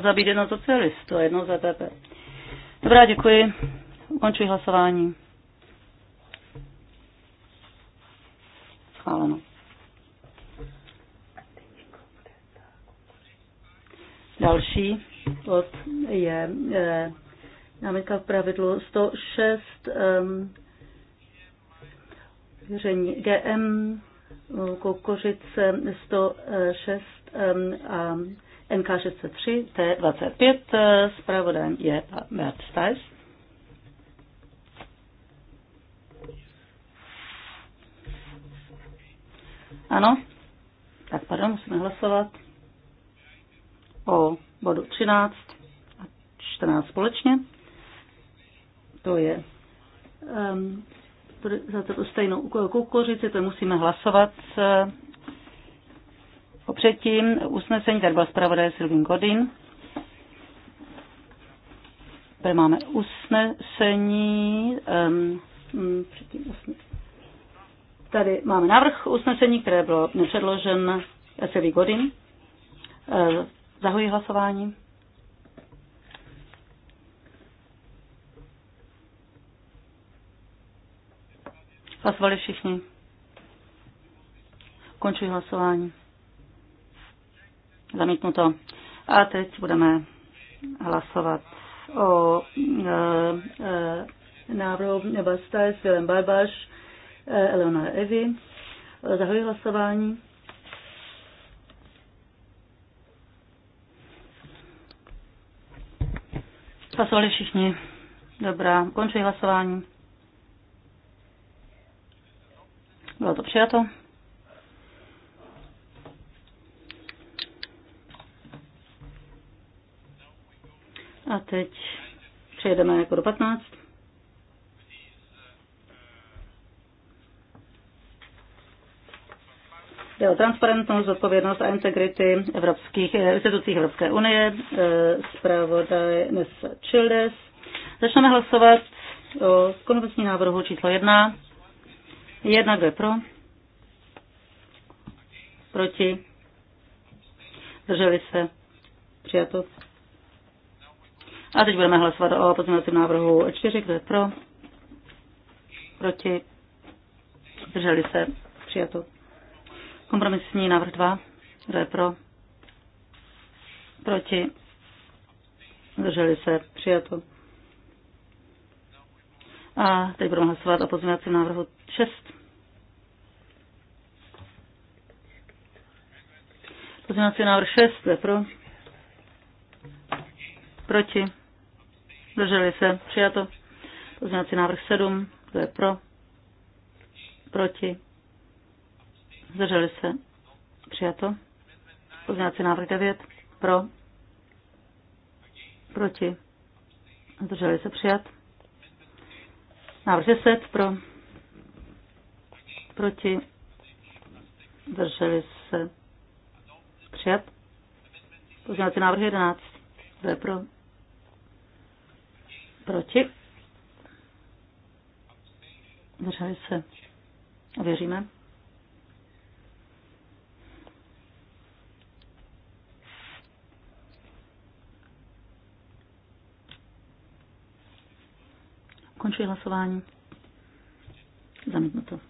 zabít jedno to je. jedno ZPP. E Dobrá, děkuji. Ukončuji hlasování. Schváleno. Další bod je eh, námitka v pravidlu 106 ehm, eh, GM kokořice 106 eh, a NK603 T25. Spravodajem je Bert Stajs. Ano? Tak pardon, musíme hlasovat o bodu 13 a 14 společně. To je um, za to stejnou kukuřici, to musíme hlasovat eh, předtím. Usnesení, tady byl zpravodaj Silvín Godin. Tady máme usnesení. Um, ehm, mm, usnesení. Tady máme návrh usnesení, které bylo nepředložen Silví Godin. Ehm, zahuji hlasování. Hlasovali všichni. Končuji hlasování. Zamítnuto. A teď budeme hlasovat o e, e, návrhu Bastaj s Vilem Barbaš, e, Eleonora Evi. Zahajuji hlasování. Hlasovali všichni. Dobrá, končuji hlasování. Bylo to přijato. A teď přejedeme jako do 15. Jde o transparentnost, zodpovědnost a integrity evropských institucí Evropské unie. E, zpravodaj Nes Childes. Začneme hlasovat o konvenční návrhu číslo 1. Jedna, kdo je pro? Proti? Drželi se? Přijatost? A teď budeme hlasovat o pozměňovacím návrhu 4, kdo je pro, proti, zdrželi se, přijato. Kompromisní návrh 2, kdo je pro, proti, zdrželi se, přijato. A teď budeme hlasovat o pozměňovacím návrhu 6. Pozměňovací návrh 6, kdo je pro, proti, Zdrželi se. Přijato. Pozměňovací návrh 7. Kdo je pro? Proti? Zdrželi se. Přijato. Pozměňovací návrh 9. Pro? Proti? Zdrželi se. Přijat. Návrh 10. Pro? Proti? Zdrželi se. Přijat. Pozměňovací návrh 11. Kdo je pro? Proti? Zdrželi se. Věříme. Končuji hlasování. Zamítnuto.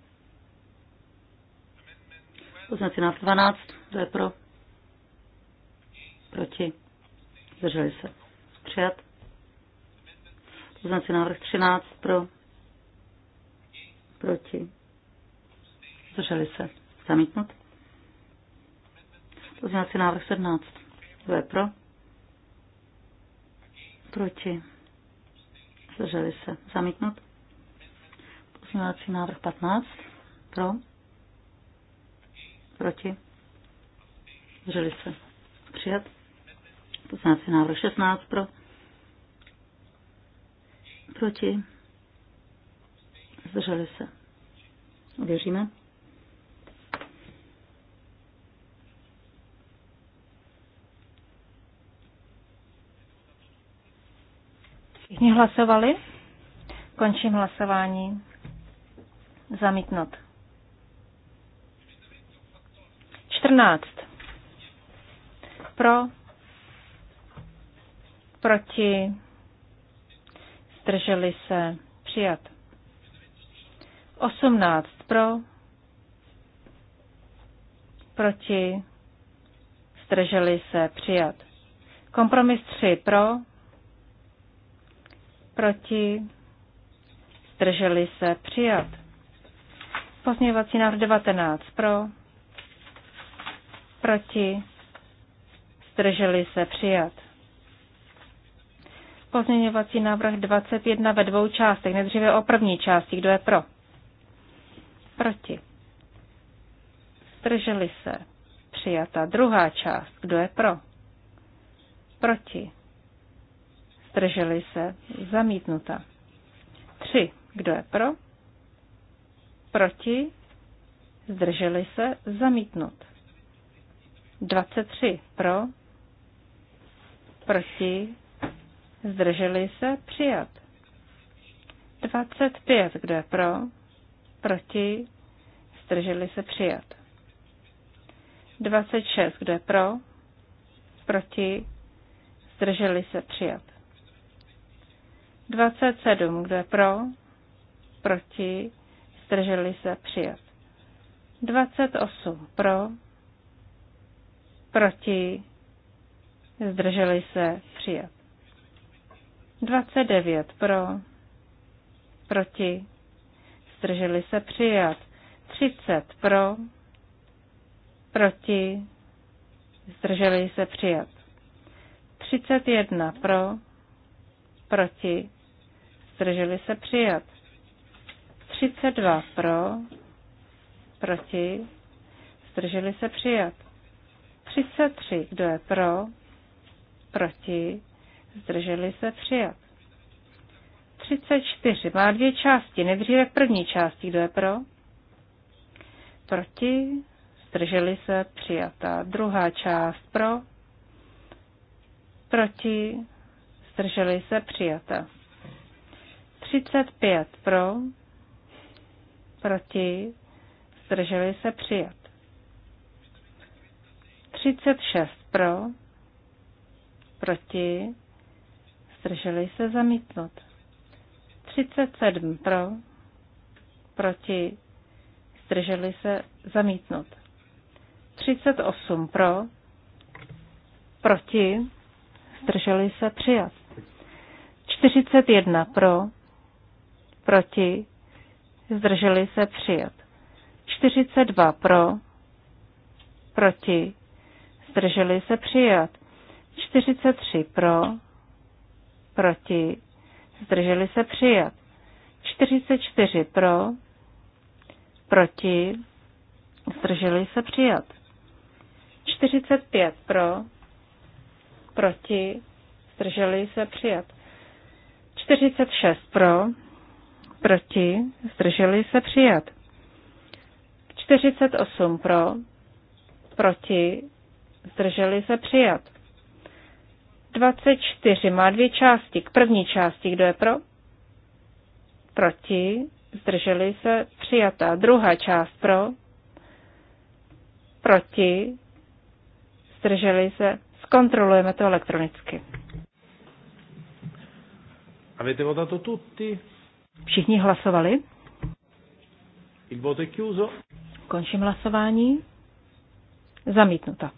Poznací nás 12. Kdo je pro? Proti? Zdrželi se. Přijat. Poznací návrh 13 pro. Proti. Zdrželi se. Zamítnut. Poznací návrh 17. Kdo je pro? Proti. Zdrželi se. Zamítnut. Poznací návrh 15. Pro. Proti. Zdrželi se. Přijat. Poznací návrh 16 pro Proti? Zdrželi se. Uvěříme? Všichni hlasovali? Končím hlasování. Zamítnout. 14. Pro. Proti zdrželi se, přijat. 18 pro, proti, zdrželi se, přijat. Kompromis 3 pro, proti, zdrželi se, přijat. Pozměňovací návrh 19 pro, proti, zdrželi se, přijat. Pozměňovací návrh 21 ve dvou částech. Nejdříve o první části. Kdo je pro? Proti. Zdrželi se. Přijata. Druhá část. Kdo je pro? Proti. Zdrželi se. Zamítnuta. Tři. Kdo je pro? Proti. Zdrželi se. Zamítnut. 23. Pro. Proti Zdrželi se? Přijat. 25. Kdo je pro? Proti? Zdrželi se? Přijat. 26. Kdo je pro? Proti? Zdrželi se? Přijat. 27. Kdo je pro? Proti? Zdrželi se? Přijat. 28. Pro? Proti? Zdrželi se? Přijat. 29 pro, proti, zdrželi se přijat. 30 pro, proti, zdrželi se přijat. 31 pro, proti, zdrželi se přijat. 32 pro, proti, zdrželi se přijat. 33, kdo je pro, proti, zdrželi se přijat. 34 má dvě části, nejdříve v první části, kdo je pro, proti, zdrželi se přijatá. Druhá část pro, proti, zdrželi se přijata. 35 pro, proti, zdrželi se přijat. 36 pro, proti, zdrželi se zamítnout. 37 pro, proti, zdrželi se zamítnout. 38 pro, proti, zdrželi se přijat. 41 pro, proti, zdrželi se přijat. 42 pro, proti, zdrželi se přijat. 43 pro, proti, zdrželi se přijat. 44 pro, proti, zdrželi se přijat. 45 pro, proti, zdrželi se přijat. 46 pro, proti, zdrželi se přijat. 48 pro, proti, zdrželi se přijat. 24 má dvě části. K první části, kdo je pro? Proti. Zdrželi se. Přijatá. Druhá část pro. Proti. Zdrželi se. Zkontrolujeme to elektronicky. Avete votato tutti? Všichni hlasovali? Il voto è chiuso. Končím hlasování. Zamítnuta.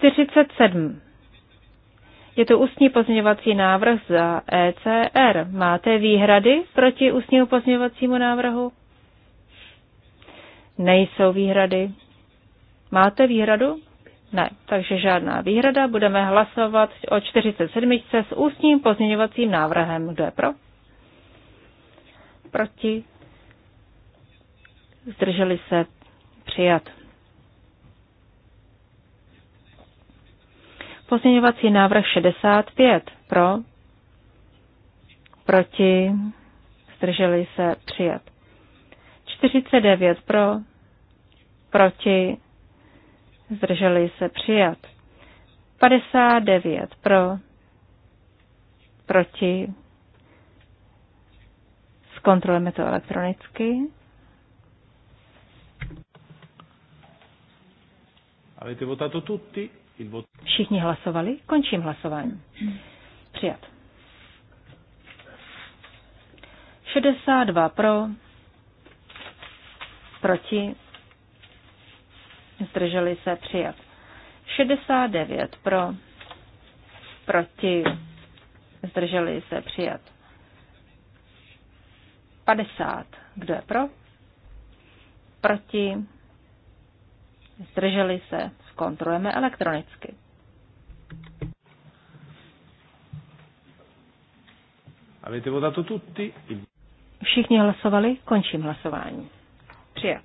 47. Je to ústní pozměňovací návrh za ECR. Máte výhrady proti ústnímu pozměňovacímu návrhu? Nejsou výhrady. Máte výhradu? Ne, takže žádná výhrada. Budeme hlasovat o 47. s ústním pozměňovacím návrhem. Kdo je pro? Proti? Zdrželi se přijat. Pozměňovací návrh 65 pro, proti, zdrželi se přijat. 49 pro, proti, zdrželi se přijat. 59 pro, proti, zkontrolujeme to elektronicky. Avete votato tutti? Všichni hlasovali? Končím hlasování. Přijat. 62 pro, proti, zdrželi se přijat. 69 pro, proti, zdrželi se přijat. 50. Kdo je pro? Proti, zdrželi se zkontrolujeme elektronicky. Všichni hlasovali, končím hlasování. Přijat.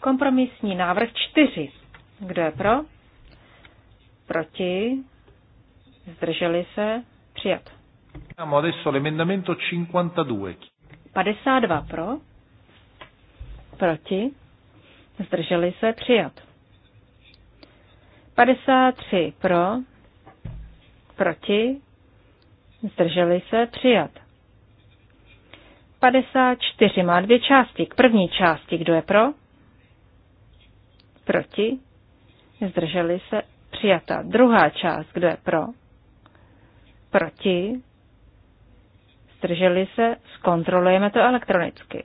Kompromisní návrh 4. Kdo je pro? Proti? Zdrželi se? Přijat. 52. 52 pro? Proti? Zdrželi se? Přijat. 53 pro, proti, zdrželi se, přijat. 54 má dvě části. K první části, kdo je pro? Proti, zdrželi se, přijata. Druhá část, kdo je pro? Proti, zdrželi se, zkontrolujeme to elektronicky.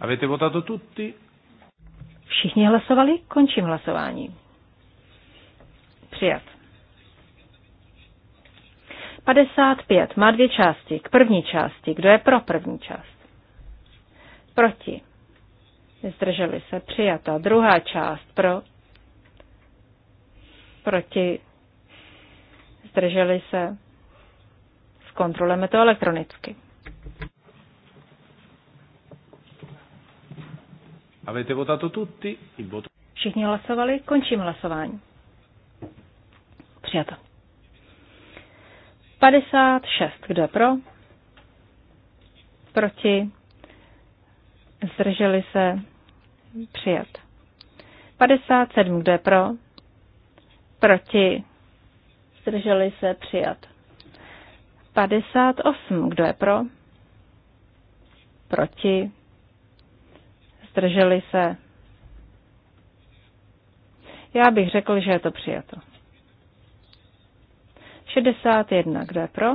Avete votato tutti? Všichni hlasovali? Končím hlasování. Přijat. 55 má dvě části. K první části. Kdo je pro první část? Proti. Zdrželi se. Přijata. Druhá část. Pro. Proti. Zdrželi se. Zkontrolujeme to elektronicky. Avete votato tutti? Il voto. Všichni hlasovali, končím hlasování. Přijato. 56. Kdo je pro? Proti? Zdrželi se? Přijat. 57. Kdo je pro? Proti? Zdrželi se? Přijat. 58. Kdo je pro? Proti? zdrželi se. Já bych řekl, že je to přijato. 61. Kdo je pro?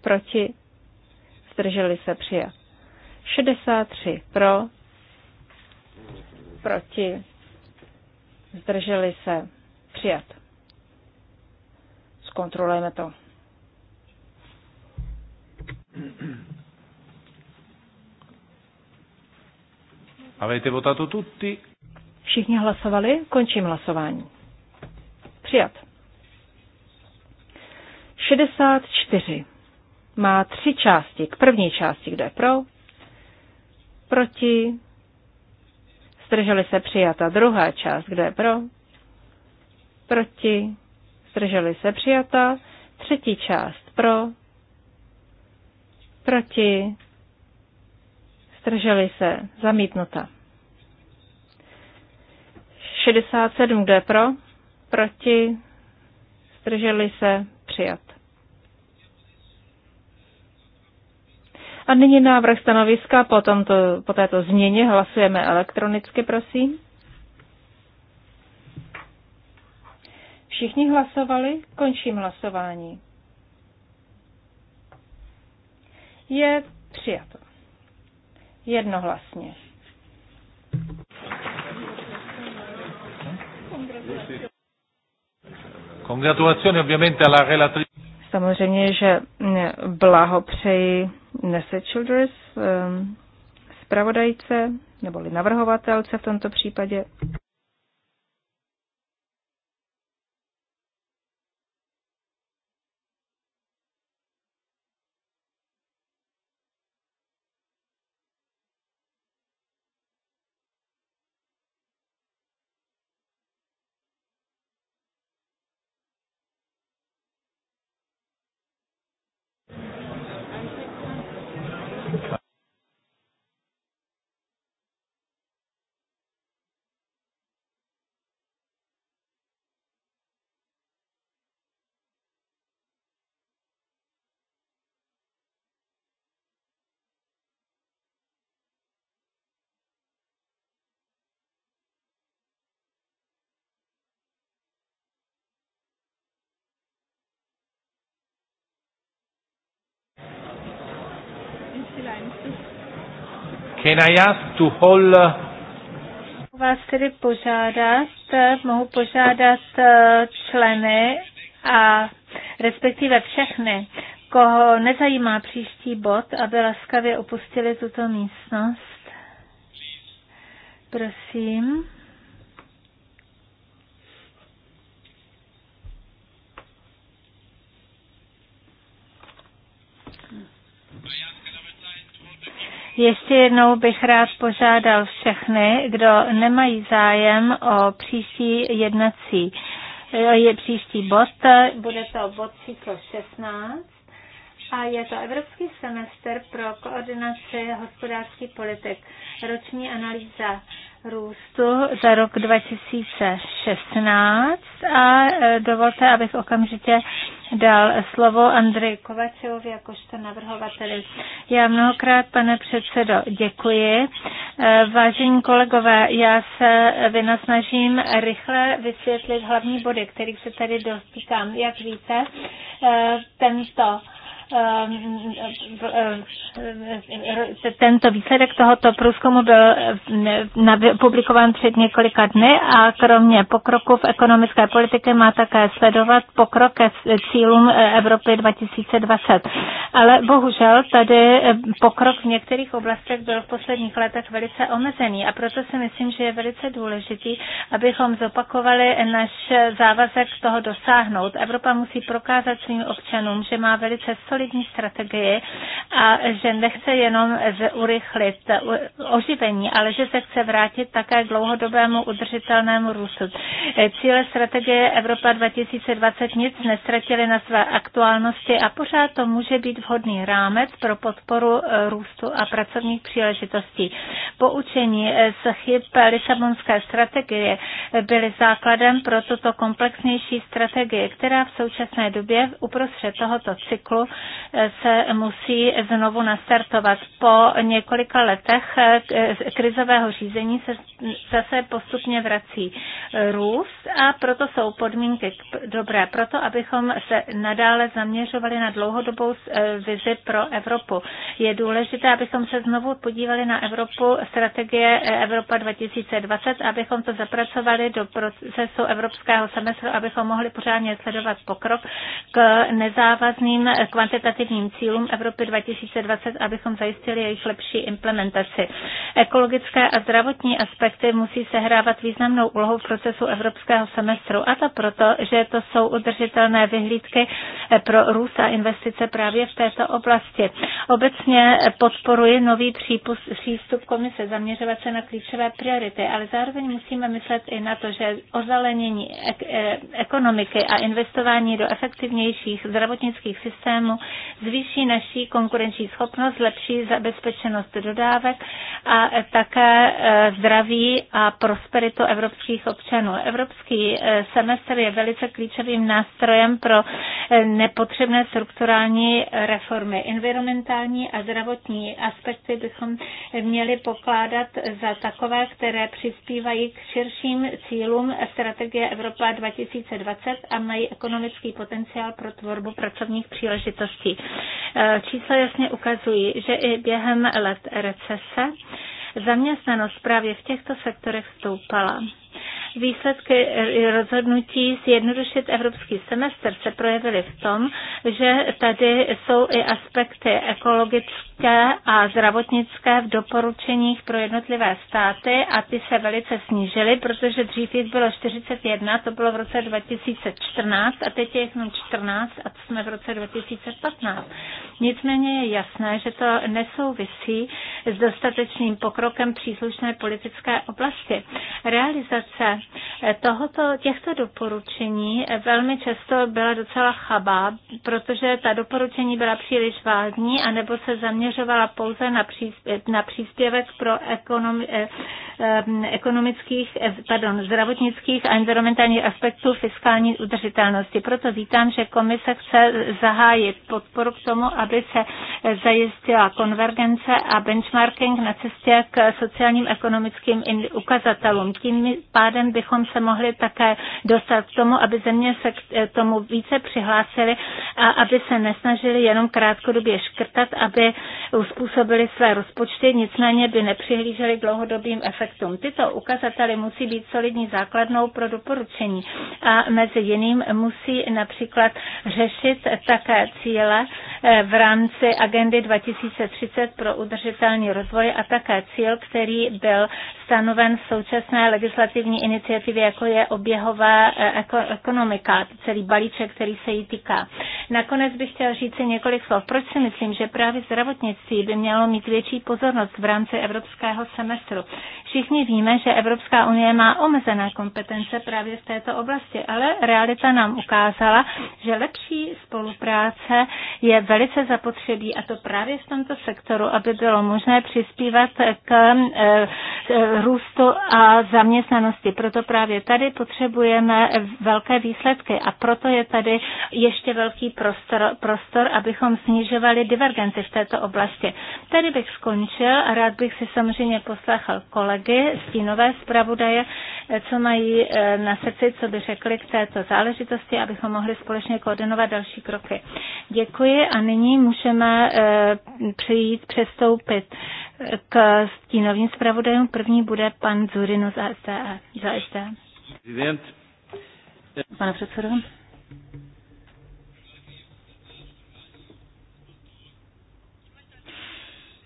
Proti? Zdrželi se přijat. 63. Pro? Proti? Zdrželi se přijat. Zkontrolujeme to. Avete votato tutti? Všichni hlasovali, končím hlasování. Přijat. 64. Má tři části. K první části, kdo je pro, proti, zdrželi se přijata. Druhá část, kdo je pro, proti, zdrželi se přijata. Třetí část pro, proti, Zdrželi se. Zamítnuta. 67, kdo je pro? Proti? Zdrželi se? Přijat. A nyní návrh stanoviska, po, tomto, po této změně hlasujeme elektronicky, prosím. Všichni hlasovali, končím hlasování. Je přijato jednohlasně. Samozřejmě, že mm, blahopřeji Nese Childress, ehm, zpravodajce neboli navrhovatelce v tomto případě. Can I ask to hold... Uh, Vás tedy požádat, mohu požádat uh, členy a respektive všechny, koho nezajímá příští bod, aby laskavě opustili tuto místnost. Prosím. Ještě jednou bych rád požádal všechny, kdo nemají zájem o příští jednací, je příští bod, bude to bod číslo 16 a je to Evropský semestr pro koordinaci hospodářských politik, roční analýza růstu za rok 2016 a e, dovolte, abych okamžitě dal slovo Andreji Kovačovi jakožto navrhovateli. Já mnohokrát, pane předsedo, děkuji. E, vážení kolegové, já se vynasnažím rychle vysvětlit hlavní body, kterých se tady dostýkám. Jak víte, e, tento Eh, eh, tento výsledek tohoto průzkumu byl eh, publikován před několika dny a kromě pokroku v ekonomické politice má také sledovat pokrok ke cílům Evropy 2020. Ale bohužel tady pokrok v některých oblastech byl v posledních letech velice omezený a proto si myslím, že je velice důležitý, abychom zopakovali náš závazek toho dosáhnout. Evropa musí prokázat svým občanům, že má velice solidní solidní strategii a že nechce jenom urychlit oživení, ale že se chce vrátit také k dlouhodobému udržitelnému růstu. E, Cíle strategie Evropa 2020 nic nestratili na své aktuálnosti a pořád to může být vhodný rámec pro podporu e, růstu a pracovních příležitostí. Poučení e, z chyb Lisabonské strategie byly základem pro tuto komplexnější strategii, která v současné době uprostřed tohoto cyklu se musí znovu nastartovat. Po několika letech eh, krizového řízení se zase postupně vrací růst a proto jsou podmínky dobré proto, abychom se nadále zaměřovali na dlouhodobou eh, vizi pro Evropu. Je důležité, abychom se znovu podívali na Evropu strategie eh, Evropa 2020, abychom to zapracovali do procesu evropského semestru, abychom mohli pořádně sledovat pokrok k nezávazným kvantitativním kvantitativním cílům Evropy 2020, abychom zajistili jejich lepší implementaci. Ekologické a zdravotní aspekty musí sehrávat významnou úlohu v procesu evropského semestru a to proto, že to jsou udržitelné vyhlídky pro růst a investice právě v této oblasti. Obecně podporuji nový přípust, přístup komise zaměřovat se na klíčové priority, ale zároveň musíme myslet i na to, že ozelenění e- ekonomiky a investování do efektivnějších zdravotnických systémů zvýší naší konkurenční schopnost, zlepší zabezpečenost dodávek a také eh, zdraví a prosperitu evropských občanů. Evropský eh, semestr je velice klíčovým nástrojem pro eh, nepotřebné strukturální reformy. Environmentální a zdravotní aspekty bychom měli pokládat za takové, které přispívají k širším cílům strategie Evropa 2020 a mají ekonomický potenciál pro tvorbu pracovních příležitostí okolností. E, čísla jasně ukazují, že i během let recese zaměstnanost právě v těchto sektorech stoupala. Výsledky rozhodnutí zjednodušit evropský semestr se projevily v tom, že tady jsou i aspekty ekologické a zdravotnické v doporučeních pro jednotlivé státy a ty se velice snížily, protože dřív jich bylo 41, to bylo v roce 2014 a teď je jich jenom 14 a to jsme v roce 2015. Nicméně je jasné, že to nesouvisí s dostatečným pokrokem příslušné politické oblasti. Realizace tohoto, těchto doporučení velmi často byla docela chabá, protože ta doporučení byla příliš vágní, nebo se zaměřovala pouze na, příspě, na příspěvek pro ekonomi, eh, eh, ekonomických, eh, pardon, zdravotnických a environmentálních aspektů fiskální udržitelnosti. Proto vítám, že komise chce zahájit podporu k tomu, aby se zajistila konvergence a benchmark benchmarking na cestě k sociálním ekonomickým ukazatelům. Tím pádem bychom se mohli také dostat k tomu, aby země se k eh, tomu více přihlásily a aby se nesnažili jenom krátkodobě škrtat, aby uspůsobili své rozpočty, nicméně by nepřihlíželi k dlouhodobým efektům. Tyto ukazatele musí být solidní základnou pro doporučení a mezi jiným musí například řešit také cíle eh, v rámci agendy 2030 pro udržitelný regionální rozvoj a také cíl, který byl stanoven v současné legislativní iniciativě, jako je oběhová eh, ekonomika, celý balíček, který se jí týká. Nakonec bych chtěla říct si několik slov. Proč si myslím, že právě zdravotnictví by mělo mít větší pozornost v rámci evropského semestru? Všichni víme, že Evropská unie má omezené kompetence právě v této oblasti, ale realita nám ukázala, že lepší spolupráce je velice zapotřebí a to právě v tomto sektoru, aby bylo možné možné přispívat k eh, eh, růstu a zaměstnanosti. Proto právě tady potřebujeme velké výsledky a proto je tady ještě velký prostor, prostor abychom snižovali divergenci v této oblasti. Tady bych skončil a rád bych si samozřejmě poslechal kolegy, stínové zpravodaje, eh, co mají na srdci, co by řekli k této záležitosti, abychom mohli společně koordinovat další kroky. Děkuji a nyní můžeme přijít, přestoupit k stínovým zpravodajům. První bude pan Zurino za STE. Pane předsedo.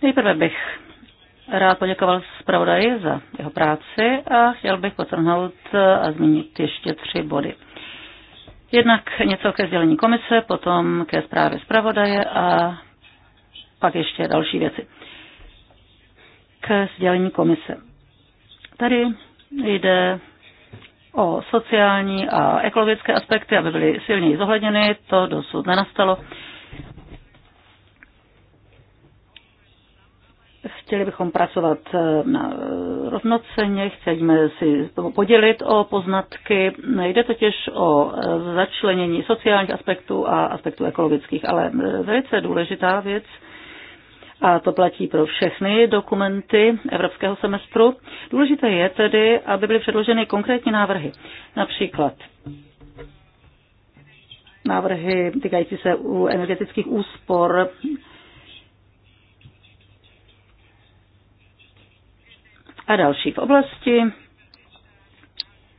Nejprve bych rád poděkoval zpravodaji za jeho práci a chtěl bych potrhnout a zmínit ještě tři body. Jednak něco ke sdělení komise, potom ke zprávě zpravodaje a pak ještě další věci k sdělení komise. Tady jde o sociální a ekologické aspekty, aby byly silněji zohledněny, to dosud nenastalo. Chtěli bychom pracovat eh, na eh, rovnoceně, chceme si podělit o poznatky. Jde totiž o eh, začlenění sociálních aspektů a aspektů ekologických, ale velice důležitá věc a to platí pro všechny dokumenty evropského semestru. Důležité je tedy, aby byly předloženy konkrétní návrhy. Například návrhy týkající se u energetických úspor, a další. V oblasti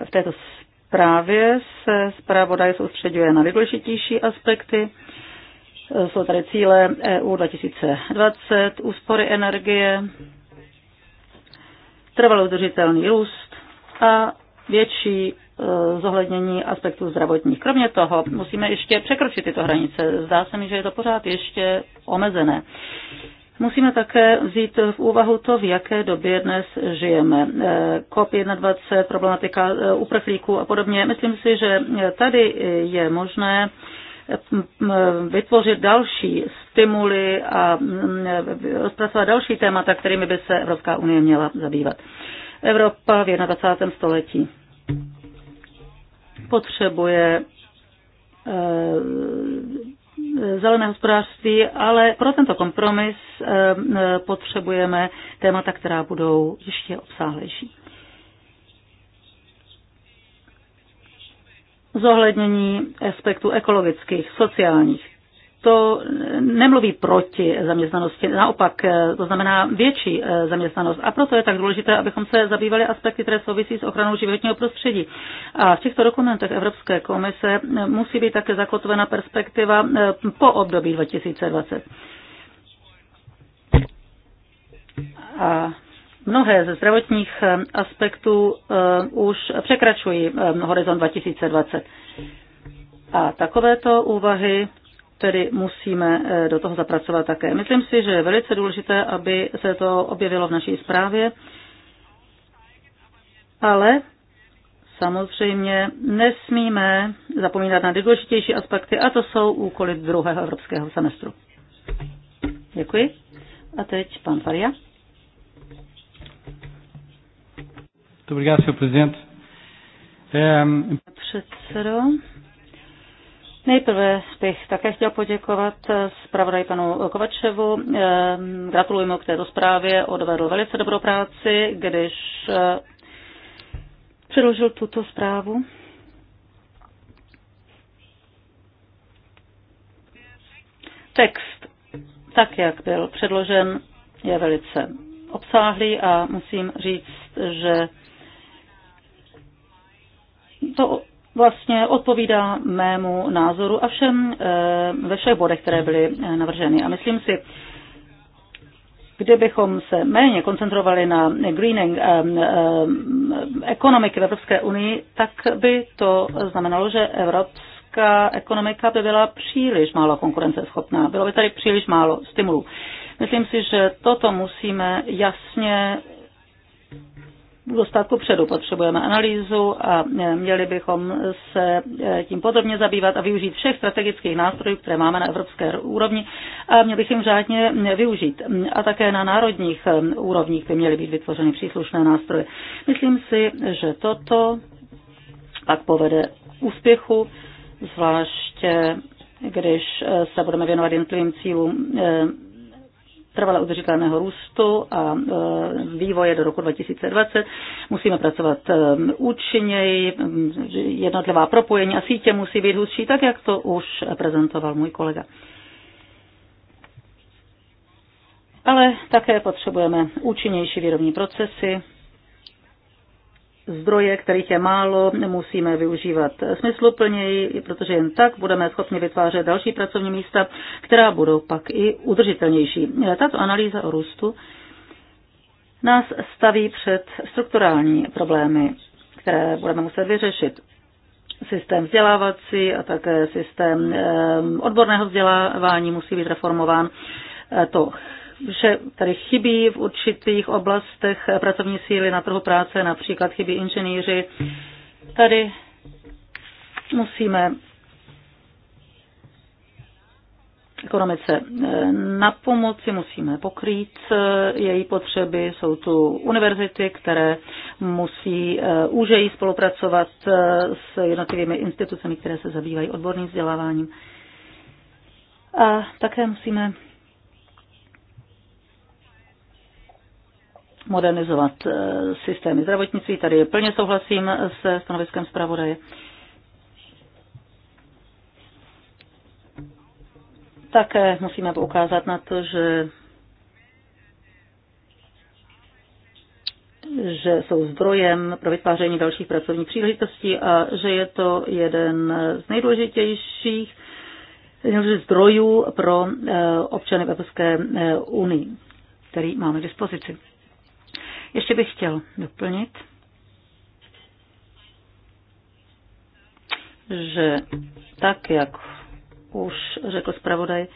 v této zprávě se zpravodaj soustředuje na nejdůležitější aspekty jsou tady cíle EU 2020, úspory energie, trvalý udržitelný růst a větší e, zohlednění aspektů zdravotních. Kromě toho musíme ještě překročit tyto hranice. Zdá se mi, že je to pořád ještě omezené. Musíme také vzít v úvahu to, v jaké době dnes žijeme. COP21, e, problematika e, uprchlíků a podobně. Myslím si, že tady je možné vytvořit další stimuly a mm, rozpracovat další témata, kterými by se Evropská unie měla zabývat. Evropa v 21. století potřebuje eh, zelené hospodářství, ale pro tento kompromis eh, potřebujeme témata, která budou ještě obsáhlejší. zohlednění aspektů ekologických, sociálních. To nemluví proti zaměstnanosti, naopak eh, to znamená větší eh, zaměstnanost. A proto je tak důležité, abychom se zabývali aspekty, které souvisí s ochranou životního prostředí. A v těchto dokumentech Evropské komise eh, musí být také zakotvena perspektiva po období 2020. A Mnohé ze zdravotních eh, aspektů eh, už překračují eh, horizont 2020. A takovéto úvahy tedy musíme do toho zapracovat také. Myslím si, že je velice důležité, aby se to objevilo v naší zprávě, ale samozřejmě nesmíme zapomínat na nejdůležitější aspekty a to jsou úkoly druhého evropského semestru. Děkuji. A teď pan Faria. Dobrý den, prezident. Předsedo. Nejprve bych také chtěl poděkovat zpravodaj panu Kovačevu. Ehm, gratuluji mu k této zprávě, odvedl velice dobrou práci, když eh, předložil tuto zprávu. Text, tak jak byl předložen, je velice obsáhlý a musím říct, že to vlastně odpovídá mému názoru a všem eh, ve všech bodech, které byly eh, navrženy. A myslím si, kdybychom se méně koncentrovali na greening eh, ekonomiky v Evropské unii, tak by to znamenalo, že evropská ekonomika by byla příliš málo konkurenceschopná. Bylo by tady příliš málo stimulů. Myslím si, že toto musíme jasně dostatku předu. Potřebujeme analýzu a e, měli bychom se e, tím podrobně zabývat a využít všech strategických nástrojů, které máme na evropské úrovni a měli bychom řádně využít. A také na národních e, úrovních by měly být vytvořeny příslušné nástroje. Myslím si, že toto pak povede úspěchu, zvláště když se budeme věnovat jednotlivým cílům trvale udržitelného růstu a e, vývoje do roku 2020. Musíme pracovat e, účinněji, jednotlivá propojení a sítě musí být hustší, tak jak to už prezentoval můj kolega. Ale také potřebujeme účinnější výrobní procesy, zdroje, kterých je málo, musíme využívat smysluplněji, protože jen tak budeme schopni vytvářet další pracovní místa, která budou pak i udržitelnější. Tato analýza o růstu nás staví před strukturální problémy, které budeme muset vyřešit. Systém vzdělávací a také systém eh, odborného vzdělávání musí být reformován. Eh, to že tady chybí v určitých oblastech pracovní síly na trhu práce, například chybí inženýři. Tady musíme ekonomice eh, na pomoci, musíme pokrýt eh, její potřeby. Jsou tu univerzity, které musí úžejí eh, spolupracovat s jednotlivými institucemi, které se zabývají odborným vzděláváním. A také musíme modernizovat eh, systémy zdravotnictví. Tady plně souhlasím se stanoviskem zpravodaje. Také musíme poukázat na to, že že jsou zdrojem pro vytváření dalších pracovních příležitostí a že je to jeden z nejdůležitějších zdrojů pro eh, občany Evropské eh, unii, který máme k dispozici. Ještě bych chtěl doplnit, že tak, jak už řekl zpravodaj,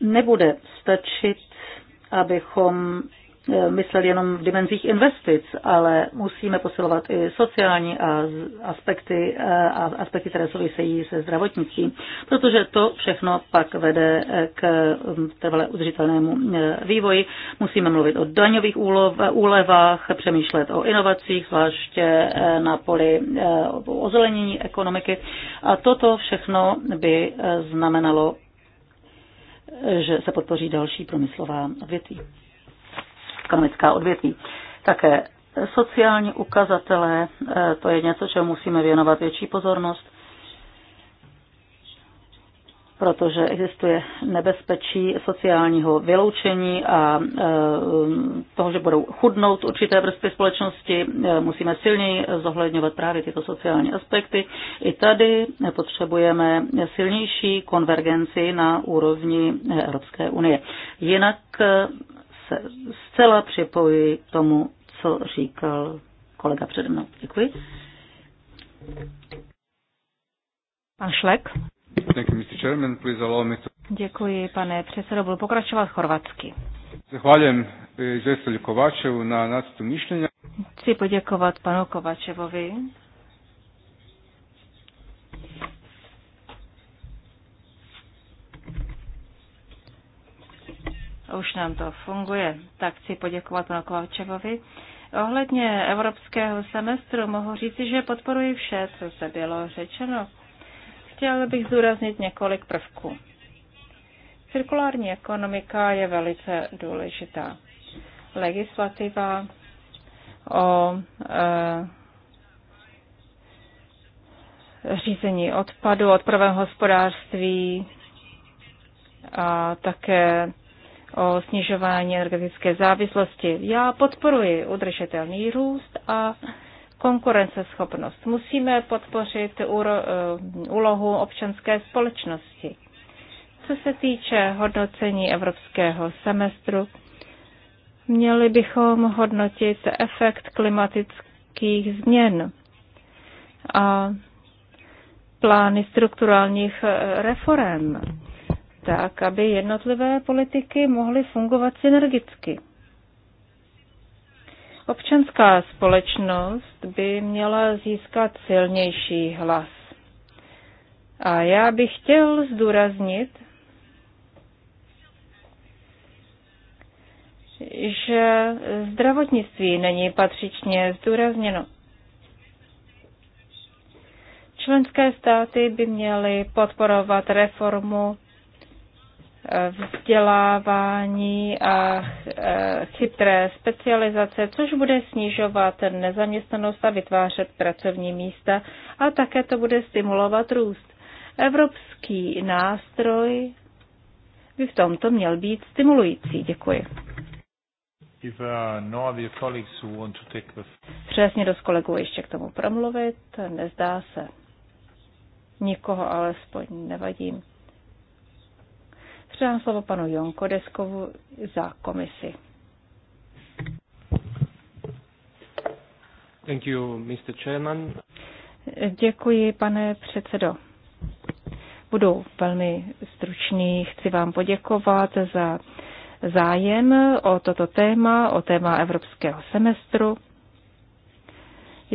nebude stačit, abychom mysleli jenom v dimenzích investic, ale musíme posilovat i sociální aspekty e, a aspekty, které souvisejí se zdravotnictvím, protože to všechno pak vede k trvale udržitelnému e, vývoji. Musíme mluvit o daňových úlevách, přemýšlet o inovacích, zvláště e, na poli ozelenění ekonomiky. A toto všechno by znamenalo, že se podpoří další průmyslová větví ekonomická odvětví. Také sociální ukazatele, eh, to je něco, čemu musíme věnovat větší pozornost, protože existuje nebezpečí sociálního vyloučení a eh, toho, že budou chudnout určité vrstvy společnosti, eh, musíme silněji zohledňovat právě tyto sociální aspekty. I tady potřebujeme silnější konvergenci na úrovni Evropské unie. Jinak se zcela připojuji k tomu, co říkal kolega přede mnou. Děkuji. Pan Šlek. Děkuji, pane předsedo. Budu pokračovat chorvatsky. Zahvaljujem eh, izvjestelju Kovačevu na nacrtu mišljenja. Chci poděkovat panu Kovačevovi už nám to funguje. Tak chci poděkovat panu Kovačevovi. Ohledně evropského semestru mohu říci, že podporuji vše, co se bylo řečeno. Chtěl bych zúraznit několik prvků. Cirkulární ekonomika je velice důležitá. Legislativa o e, řízení odpadu, odpadovém hospodářství a také o snižování energetické závislosti. Já podporuji udržitelný růst a konkurenceschopnost. Musíme podpořit eh, úlohu občanské společnosti. Co se týče hodnocení evropského semestru, měli bychom hodnotit efekt klimatických změn a plány strukturálních eh, reform tak, aby jednotlivé politiky mohly fungovat synergicky. Občanská společnost by měla získat silnější hlas. A já bych chtěl zdůraznit, že zdravotnictví není patřičně zdůrazněno. Členské státy by měly podporovat reformu vzdělávání a chytré specializace, což bude snižovat nezaměstnanost a vytvářet pracovní místa a také to bude stimulovat růst. Evropský nástroj by v tomto měl být stimulující. Děkuji. If, uh, no Přesně dost kolegů ještě k tomu promluvit, nezdá se. Nikoho alespoň nevadím. Předám slovo panu Jonko Deskovu za komisi. Thank you, Mr. Chairman. Děkuji, pane předsedo. Budu velmi stručný. Chci vám poděkovat za zájem o toto téma, o téma evropského semestru,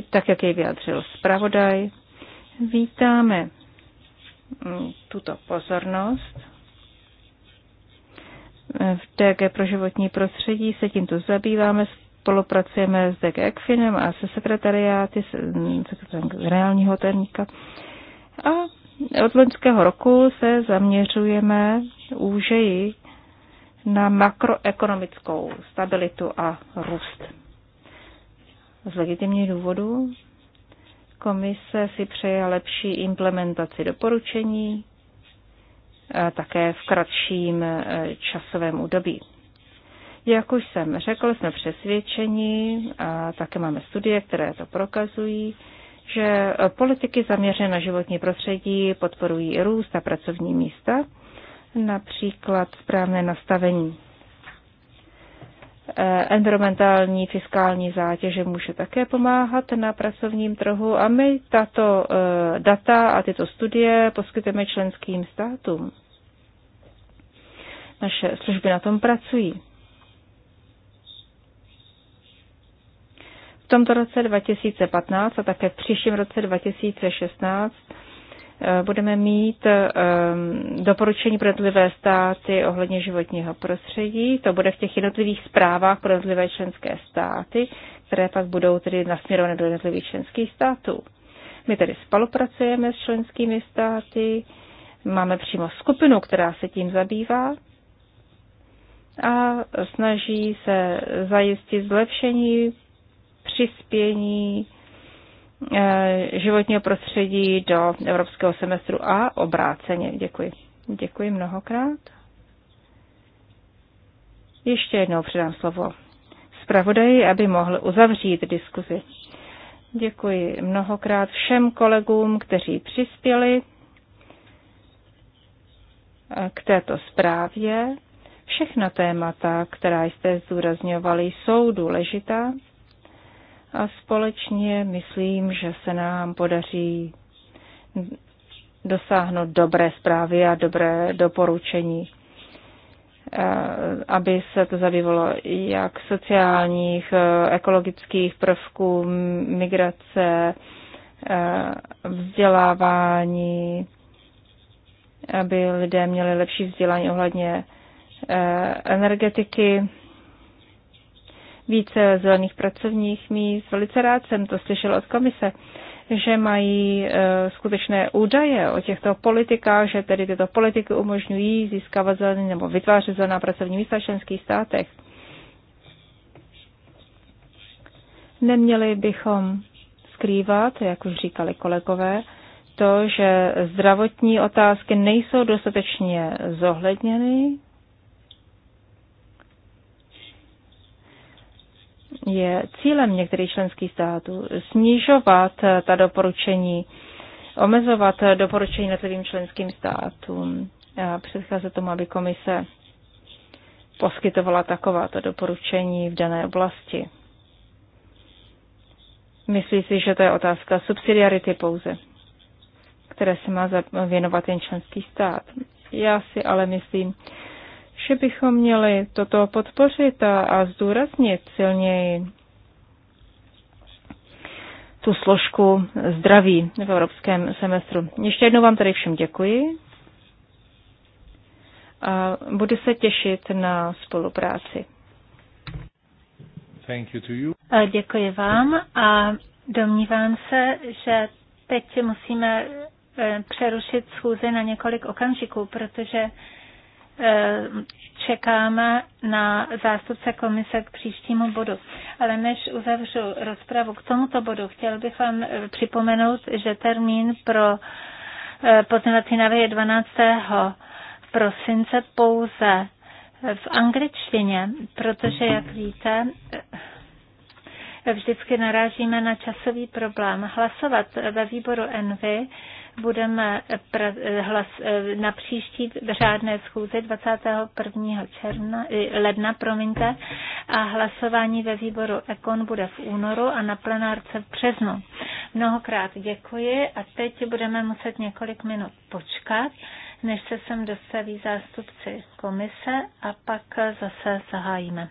tak jak jej vyjadřil zpravodaj. Vítáme mm, tuto pozornost v DG pro životní prostředí se tímto zabýváme, spolupracujeme s DG Ekfinem a se sekretariáty, sekretariátem generálního terníka. A od loňského roku se zaměřujeme úžeji na makroekonomickou stabilitu a růst. Z legitimních důvodů komise si přeje lepší implementaci doporučení také v kratším e, časovém údobí. Jak už jsem řekl, jsme přesvědčeni a také máme studie, které to prokazují, že politiky zaměřené na životní prostředí podporují růst a pracovní místa, například správné nastavení Eh, environmentální fiskální zátěže může také pomáhat na pracovním trhu a my tato eh, data a tyto studie poskytujeme členským státům. Naše služby na tom pracují. V tomto roce 2015 a také v příštím roce 2016 Eh, budeme mít ehm, doporučení pro jednotlivé státy ohledně životního prostředí. To bude v těch jednotlivých zprávách pro jednotlivé členské státy, které pak budou tedy nasměrované do jednotlivých členských států. My tedy spolupracujeme s členskými státy, máme přímo skupinu, která se tím zabývá a snaží se zajistit zlepšení přispění Eh, životního prostředí do evropského semestru a obráceně. Děkuji. Děkuji mnohokrát. Ještě jednou předám slovo zpravodaji, aby mohl uzavřít diskuzi. Děkuji mnohokrát všem kolegům, kteří přispěli k této zprávě. Všechna témata, která jste zdůrazňovali, jsou důležitá a společně myslím, že se nám podaří dosáhnout dobré zprávy a dobré doporučení, eh, aby se to zabývalo jak sociálních, eh, ekologických prvků, migrace, eh, vzdělávání, aby lidé měli lepší vzdělání ohledně energetiky, více zelených pracovních míst. Velice rád jsem to slyšel od komise, že mají e, skutečné údaje o těchto politikách, že tedy tyto politiky umožňují získávat zelený nebo vytvářet zelená pracovní místa v členských státech. Neměli bychom skrývat, jak už říkali kolegové, to, že zdravotní otázky nejsou dostatečně zohledněny je cílem některých členských států snižovat eh, ta doporučení, omezovat eh, doporučení jednotlivým členským státům a předcházet tomu, aby komise poskytovala takováto doporučení v dané oblasti. Myslí si, že to je otázka subsidiarity pouze, které se má věnovat jen členský stát. Já si ale myslím, že bychom měli toto podpořit a, a zdůraznit silněji tu složku zdraví v evropském semestru. Ještě jednou vám tady všem děkuji a budu se těšit na spolupráci. Thank you to you. Děkuji vám a domnívám se, že teď musíme eh, přerušit schůzi na několik okamžiků, protože Eh, čekáme na zástupce komise k příštímu bodu. Ale než uzavřu rozpravu k tomuto bodu, chtěl bych vám eh, připomenout, že termín pro eh, pozměňovací návrh je 12. prosince pouze v angličtině, protože, jak víte, vždycky narážíme na časový problém. Hlasovat ve výboru Envy budeme eh, hlas, eh, na příští řádné schůzi 21. Června, eh, ledna promiňte, a hlasování ve výboru Ekon bude v únoru a na plenárce v březnu. Mnohokrát děkuji a teď budeme muset několik minut počkat, než se sem dostaví zástupci komise a pak zase zahájíme.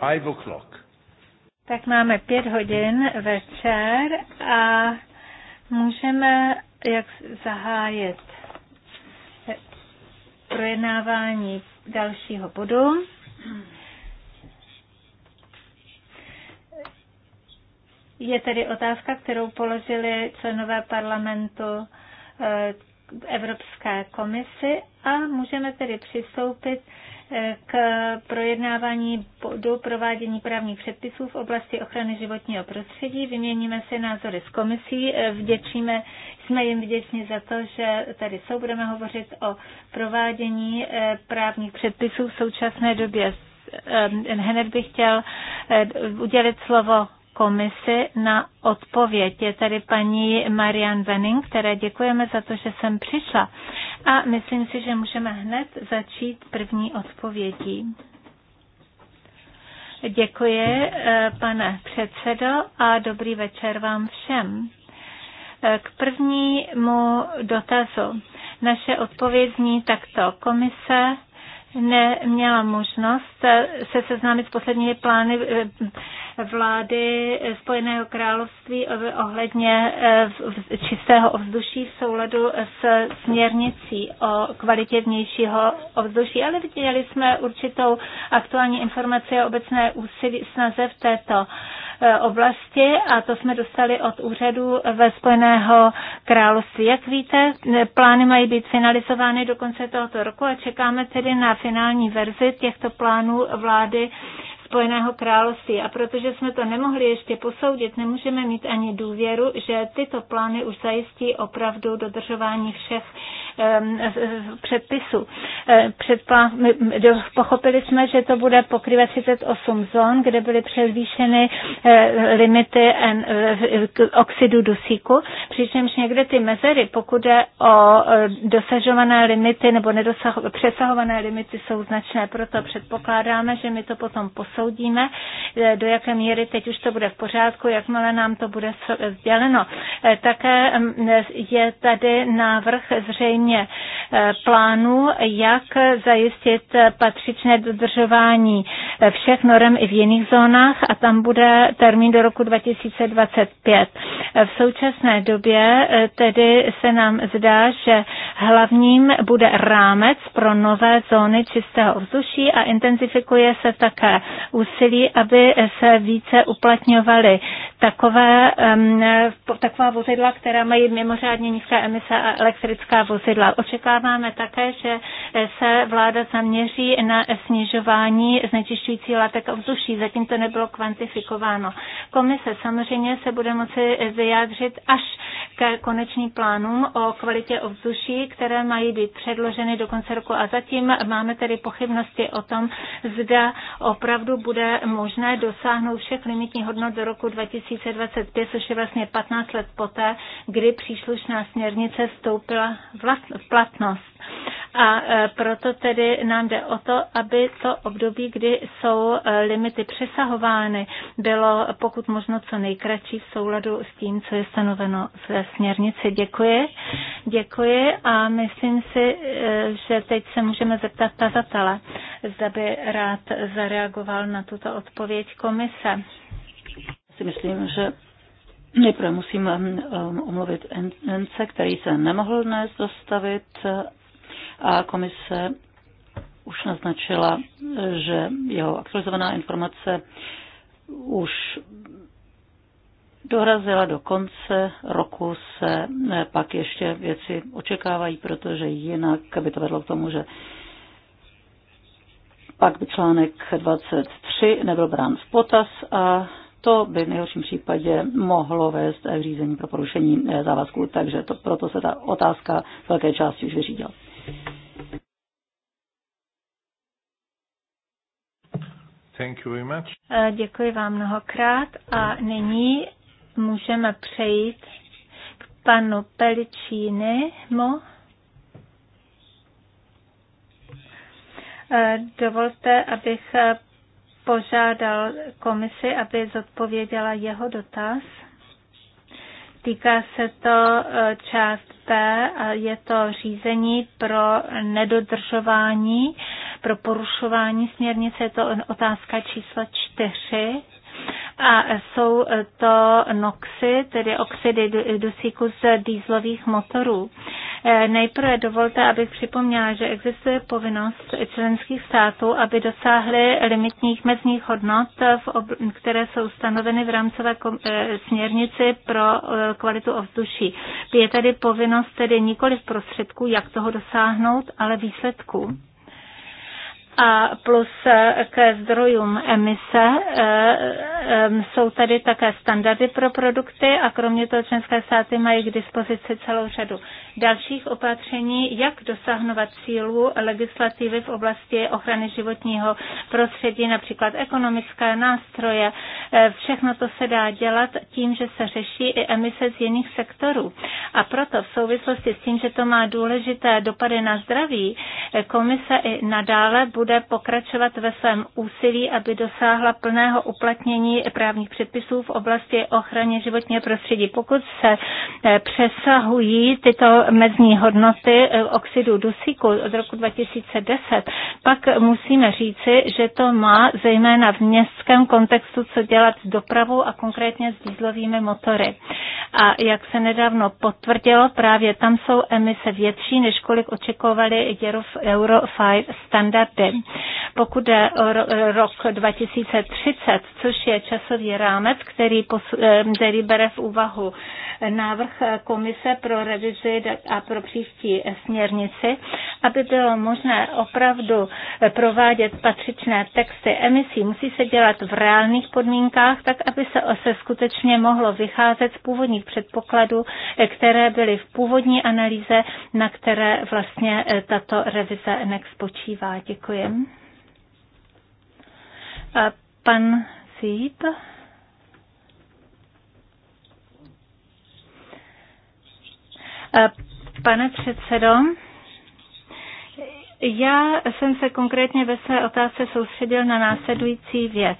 five o'clock. Tak máme pět hodin večer a můžeme jak zahájit projednávání dalšího bodu. Je tedy otázka, kterou položili členové parlamentu eh, Evropské komisi a můžeme tedy přistoupit k projednávání bodu provádění právních předpisů v oblasti ochrany životního prostředí. Vyměníme se názory s komisí, vděčíme, jsme jim vděční za to, že tady jsou. Budeme hovořit o provádění eh, právních předpisů v současné době. Eh, hned bych chtěl eh, udělit slovo komisi na odpověď. Je tady paní Marian Venning, které děkujeme za to, že jsem přišla a myslím si, že můžeme hned začít první odpovědí. Děkuji, eh, pane předsedo, a dobrý večer vám všem. Eh, k prvnímu dotazu. Naše odpověď zní takto. Komise neměla možnost se seznámit s posledními plány eh, vlády Spojeného království ohledně eh, čistého ovzduší v souladu s směrnicí o kvalitě vnějšího ovzduší, ale viděli jsme určitou aktuální informaci o obecné úsilí snaze v této Eh, oblasti a to jsme dostali od úřadu ve Spojeného království. Jak víte, eh, plány mají být finalizovány do konce tohoto roku a čekáme tedy na finální verzi těchto plánů vlády Spojeného království. A protože jsme to nemohli ještě posoudit, nemůžeme mít ani důvěru, že tyto plány už zajistí opravdu dodržování všech předpisu. E, pochopili jsme, že to bude pokrývat 38 zón, kde byly převýšeny e, limity e, oxidu dusíku, přičemž někde ty mezery, pokud je o dosažované limity nebo přesahované limity, jsou značné. Proto předpokládáme, že my to potom posoudíme, do jaké míry teď už to bude v pořádku, jakmile nám to bude sděleno. Také je tady návrh zřejmě ohledně eh, plánu, jak zajistit patřičné dodržování eh, všech norem i v jiných zónách a tam bude termín do roku 2025. Eh, v současné době tedy se nám zdá, že hlavním bude rámec pro nové zóny čistého vzduší a intenzifikuje se také úsilí, aby se více uplatňovaly takové, taková vozidla, která mají mimořádně nízké emise a elektrická vozidla pravidla. Očekáváme také, že se vláda zaměří na snižování znečišťující látek ovzduší. Zatím to nebylo kvantifikováno. Komise samozřejmě se bude moci vyjádřit až ke konečným plánům o kvalitě ovzduší, které mají být předloženy do konce roku. A zatím máme tedy pochybnosti o tom, zda opravdu bude možné dosáhnout všech limitních hodnot do roku 2025, což je vlastně 15 let poté, kdy příslušná směrnice vstoupila v v platnost. A e, proto tedy nám jde o to, aby to období, kdy jsou e, limity přesahovány, bylo pokud možno co nejkratší v souladu s tím, co je stanoveno ve směrnici. Děkuji. Děkuji a myslím si, e, že teď se můžeme zeptat tazatele, zda by rád zareagoval na tuto odpověď komise. Si myslím, že Nejprve musím um, um, omluvit Ence, který se nemohl dnes dostavit a komise už naznačila, že jeho aktualizovaná informace už dorazila do konce roku, se eh, pak ještě věci očekávají, protože jinak by to vedlo k tomu, že pak by článek 23 nebyl brán v potaz a to by v nejhorším případě mohlo vést k řízení pro porušení eh, závazků, takže to, proto se ta otázka v velké části už vyřídila. Thank you very much. Eh, děkuji vám mnohokrát a nyní můžeme přejít k panu Pelicínemu. Eh, dovolte, abych požádal komisi, aby zodpověděla jeho dotaz. Týká se to e, část P a je to řízení pro nedodržování, pro porušování směrnice, je to otázka číslo čtyři. A jsou to noxy, tedy oxidy dusíku z dýzlových motorů. Eh, nejprve dovolte, abych připomněla, že existuje povinnost členských států, aby dosáhly limitních mezních hodnot, eh, které jsou stanoveny v rámcové eh, směrnici pro kvalitu ovzduší. Je tady povinnost tedy nikoli prostředku, jak toho dosáhnout, ale výsledku a plus eh, ke zdrojům emise eh, eh, jsou tady také standardy pro produkty a kromě toho členské státy mají k dispozici celou řadu dalších opatření, jak dosáhnovat cílů legislativy v oblasti ochrany životního prostředí, například ekonomické nástroje. Všechno to se dá dělat tím, že se řeší i emise z jiných sektorů. A proto v souvislosti s tím, že to má důležité dopady na zdraví, komise i nadále bude bude pokračovat ve svém úsilí, aby dosáhla plného uplatnění právních předpisů v oblasti ochraně životního prostředí. Pokud se eh, přesahují tyto mezní hodnoty eh, oxidu dusíku od roku 2010, pak musíme říci, že to má zejména v městském kontextu co dělat s dopravou a konkrétně s dýzlovými motory. A jak se nedávno potvrdilo, právě tam jsou emise větší, než kolik očekovali Euro 5 standardy. Pokud je rok 2030, což je časový rámec, který, posu- eh, který bere v úvahu návrh komise pro revizi a pro příští směrnici, aby bylo možné opravdu provádět patřičné texty emisí, musí se dělat v reálných podmínkách, tak aby se, se skutečně mohlo vycházet z původních předpokladů, které byly v původní analýze, na které vlastně eh, tato revize NEX spočívá. Děkuji. Děkuji. A pan Sýp. Pane předsedo, já jsem se konkrétně ve své otázce soustředil na následující věc.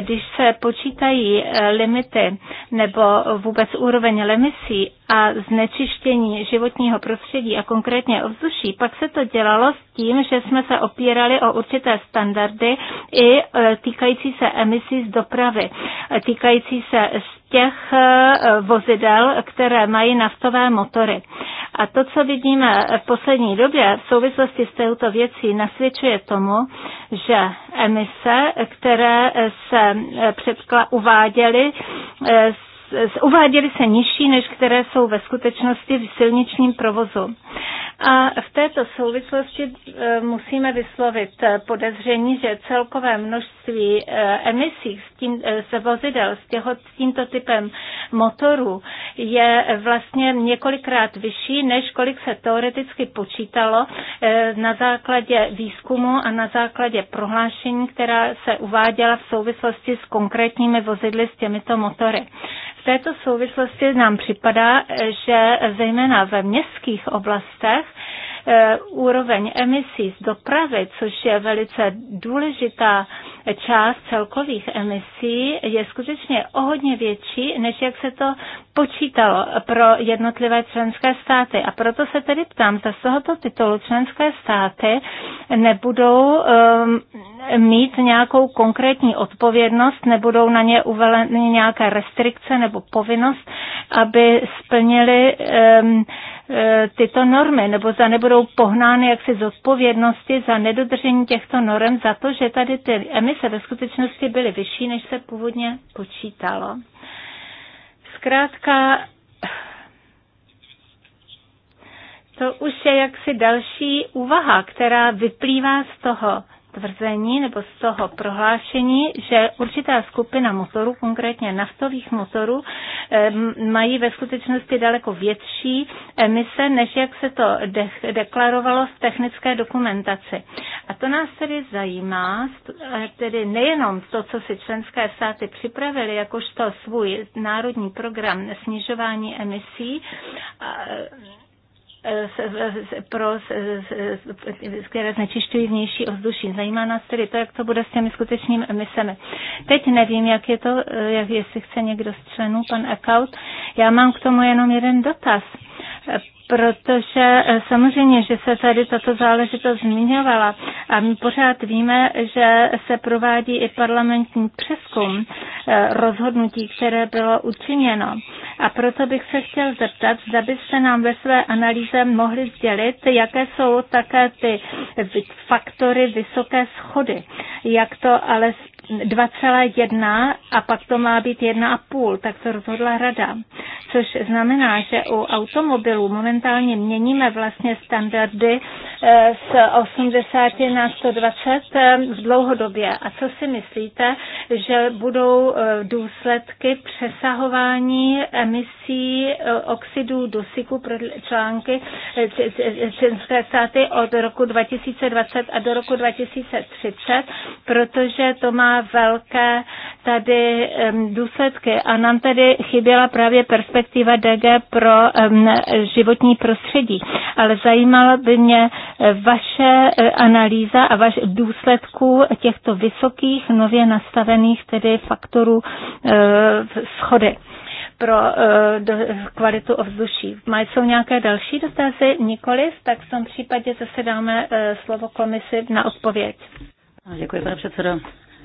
Když se počítají eh, limity nebo vůbec úroveň emisí a znečištění životního prostředí a konkrétně ovzduší, pak se to dělalo s tím, že jsme se opírali o určité standardy i e, týkající se emisí z dopravy, e, týkající se těch eh, vozidel, které mají naftové motory. A to, co vidíme v poslední době v souvislosti s touto věcí, nasvědčuje tomu, že emise, které se eh, uváděly, eh, uváděly se nižší, než které jsou ve skutečnosti v silničním provozu. A v této souvislosti e, musíme vyslovit e, podezření, že celkové množství e, emisí z tím, z vozidel s, těho, s tímto typem motoru je vlastně několikrát vyšší, než kolik se teoreticky počítalo na základě výzkumu a na základě prohlášení, která se uváděla v souvislosti s konkrétními vozidly s těmito motory této souvislosti nám připadá, že zejména ve městských oblastech eh, úroveň emisí z dopravy, což je velice důležitá část celkových emisí je skutečně o hodně větší, než jak se to počítalo pro jednotlivé členské státy. A proto se tedy ptám, zda z tohoto titulu členské státy nebudou um, mít nějakou konkrétní odpovědnost, nebudou na ně uveleny nějaké restrikce nebo povinnost, aby splnili um, uh, tyto normy, nebo za nebudou pohnány jaksi z odpovědnosti za nedodržení těchto norm, za to, že tady ty emisí se ve skutečnosti byly vyšší, než se původně počítalo. Zkrátka, to už je jaksi další úvaha, která vyplývá z toho, tvrzení nebo z toho prohlášení, že určitá skupina motorů, konkrétně naftových motorů, mají ve skutečnosti daleko větší emise, než jak se to de- deklarovalo v technické dokumentaci. A to nás tedy zajímá, tedy nejenom to, co si členské státy připravili, jakožto svůj národní program snižování emisí, pro, které znečišťují vnější ovzduší. Zajímá nás tedy to, jak to bude s těmi skutečnými emisemi. Teď nevím, jak je to, eh, jak jestli chce někdo z členů, pan Ekaut. Já mám k tomu jenom jeden dotaz protože eh, samozřejmě, že se tady tato záležitost zmiňovala a my pořád víme, že se provádí i parlamentní přeskum eh, rozhodnutí, které bylo učiněno. A proto bych se chtěl zeptat, zda byste nám ve své analýze mohli sdělit, jaké jsou také ty faktory vysoké schody, jak to ale 2,1 a pak to má být 1,5, tak to rozhodla rada. Což znamená, že u automobilů momentálně měníme vlastně standardy eh, z 80 na 120 eh, v dlouhodobě. A co si myslíte, že budou eh, důsledky přesahování emisí oxidů dusíku pro články Čínské státy od roku 2020 a do roku 2030, protože to má velké tady důsledky a nám tady chyběla právě perspektiva DG pro životní prostředí. Ale zajímala by mě eh, vaše eh, analýza a vaš důsledků těchto vysokých, nově nastavených tedy faktorů eh, schody pro do, kvalitu ovzduší. Mají jsou nějaké další dotazy? Nikoliv, tak v tom případě zase dáme slovo komisi na odpověď. Děkuji, pane předsedo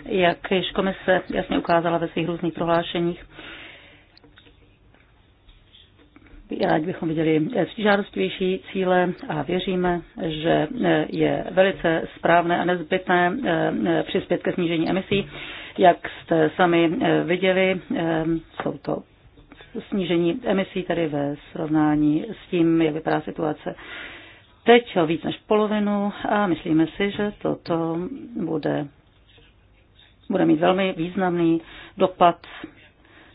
jak již komise jasně ukázala ve svých různých prohlášeních. Rád bychom viděli žádostivější cíle a věříme, že je velice správné a nezbytné eh, přispět ke snížení emisí. Jak jste sami eh, viděli, eh, jsou to snížení emisí tady ve srovnání s tím, jak vypadá situace teď o víc než polovinu a myslíme si, že toto bude bude mít velmi významný dopad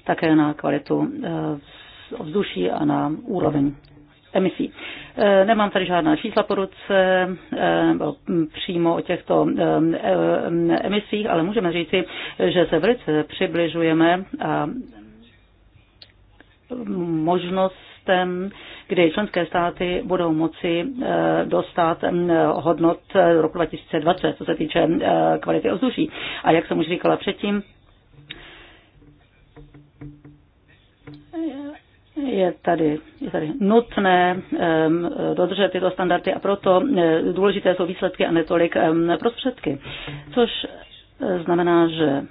také na kvalitu eh, ovzduší a na úroveň emisí. Eh, nemám tady žádná čísla po ruce eh, přímo o těchto emisích, ale můžeme říci, že se velice přibližujeme a možnost systém, kdy členské státy budou moci eh, dostat mm, hodnot eh, roku 2020, co se týče eh, kvality ozduší. A jak jsem už říkala předtím, je tady, je tady nutné um, dodržet tyto standardy a proto um, důležité jsou výsledky a netolik um, prostředky. Což znamená, že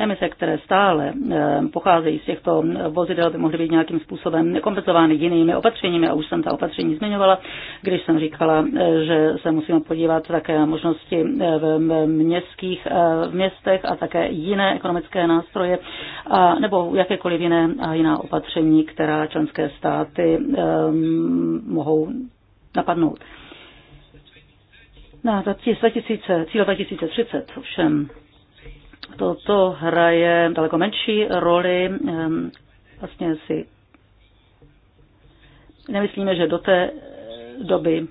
emise, které stále eh, pocházejí z těchto vozidel, by mohly být nějakým způsobem kompenzovány jinými opatřeními. A už jsem ta opatření zmiňovala, když jsem říkala, eh, že se musíme podívat také na možnosti eh, v městských v městech a také jiné ekonomické nástroje a, nebo jakékoliv jiné a jiná opatření, která členské státy um, mohou napadnout. Na 2000, cíl 2030 ovšem Toto hraje daleko menší roli. Vlastně si nemyslíme, že do té doby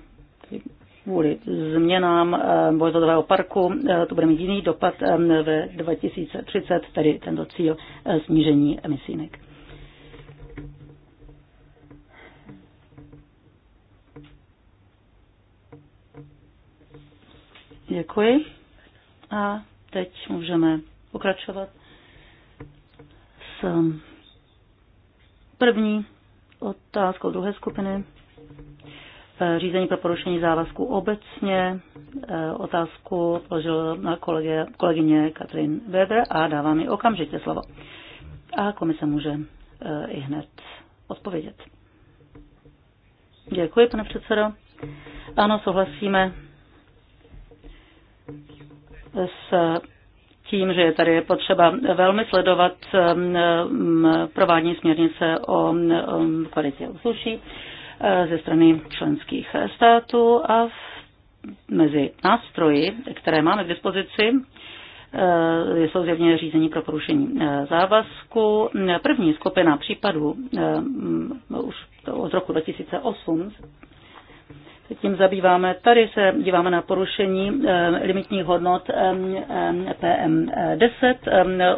kvůli změnám Bojzového parku, e, to bude mít jiný dopad ve 2030, tedy tento cíl e, snížení emisínek. Děkuji. A teď můžeme pokračovat s um, první otázkou druhé skupiny. E, řízení pro porušení závazku obecně. E, otázku položil na kolegy, kolegyně Katrin Weber a dává mi okamžitě slovo. A komise může e, i hned odpovědět. Děkuji, pane předsedo. Ano, souhlasíme s tím, že je tady potřeba velmi sledovat um, um, provádění směrnice o um, kvalitě ovzduší eh, ze strany členských států a mezi nástroji, které máme k dispozici, eh, jsou zjevně řízení pro porušení eh, závazku. První skupina případů už od roku 2008 tím zabýváme. Tady se díváme na porušení eh, limitních hodnot eh, eh, PM10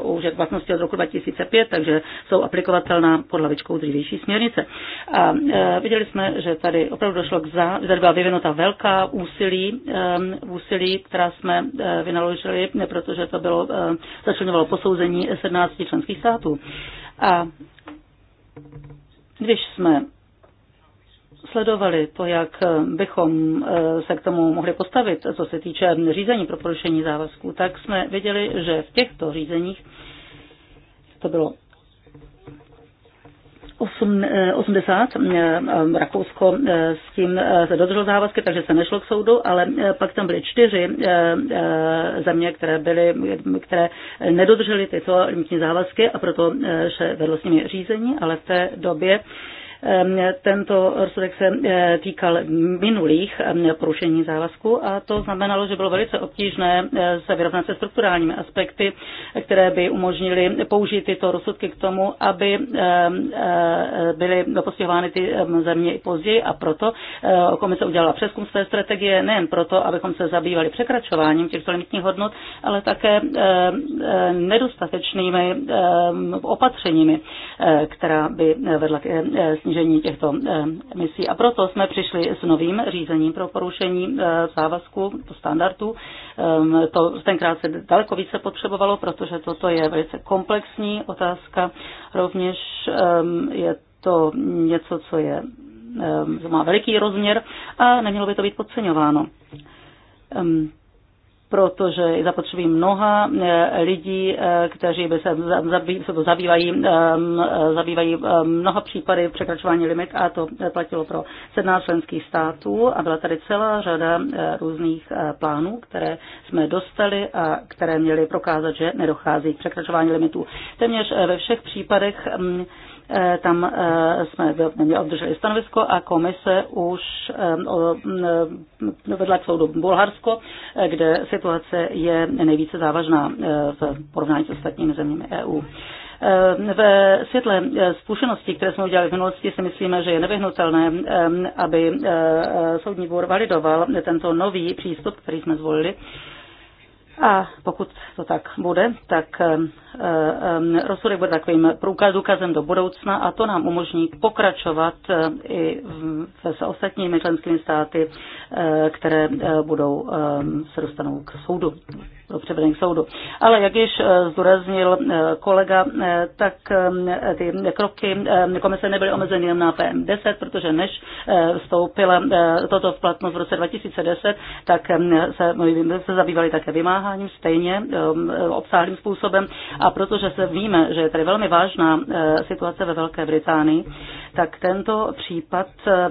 už jak vlastnosti od roku 2005, takže jsou aplikovatelná pod hlavičkou dřívější směrnice. A viděli jsme, že tady opravdu došlo k za, tady byla vyvinuta velká úsilí, úsilí, která jsme vynaložili, protože to bylo, začlenovalo posouzení 17 členských států. A když jsme sledovali to, jak eh, bychom eh, se k tomu mohli postavit, co se týče řízení pro porušení závazků, tak jsme viděli, že v těchto řízeních to bylo 80, eh, Rakousko s tím se dodrželo závazky, takže se nešlo k soudu, ale pak tam byly čtyři země, které, byly, které nedodržely tyto limitní závazky a proto se vedlo s nimi řízení, ale v té době Ehm, tento rozsudek se eh, týkal minulých ehm, porušení závazku a to znamenalo, že bylo velice obtížné eh, se vyrovnat se strukturálními aspekty, které by umožnily použít tyto rozsudky k tomu, aby ehm, eh, byly postihovány ty země i později a proto komise udělala přeskum své strategie nejen proto, abychom se zabývali překračováním těchto limitních hodnot, ale také nedostatečnými opatřeními, která by vedla k snížení snížení těchto eh, emisí. A proto jsme přišli s novým řízením pro porušení eh, závazku standardů. Ehm, to tenkrát se daleko více potřebovalo, protože toto je velice komplexní otázka. Rovněž ehm, je to něco, co je ehm, má veliký rozměr a nemělo by to být podceňováno protože je zapotřebí mnoha eh, lidí, eh, kteří by se, zabý, zabývají, eh, zabývají mnoha případy překračování limit a to platilo pro 17 členských států a byla tady celá řada různých plánů, které jsme dostali a které měly prokázat, že nedochází k překračování limitů. Téměř ve všech případech mm, Eh, tam eh, jsme obdrželi stanovisko a komise už eh, vedla k soudu Bulharsko, kde situace je nejvíce závažná v porovnání s ostatními zeměmi EU. Ve světle zkušeností, které jsme udělali v minulosti, si myslíme, že je nevyhnutelné, aby soudní dvůr validoval tento nový přístup, který jsme zvolili a pokud to tak bude, tak eh, eh, rozsudek bude takovým průkazem do budoucna a to nám umožní pokračovat eh, i s ostatními členskými státy, které budou se dostanou k soudu pro převedeny k soudu. Ale jak již eh, zdůraznil eh, kolega, eh, tak ty kroky komise nebyly omezeny jen na PM10, protože než vstoupila toto v platnost v roce 2010, tak se, se zabývali také vymáháním stejně obsáhlým způsobem a protože se víme, že je tady velmi vážná situace ve Velké Británii, tak tento případ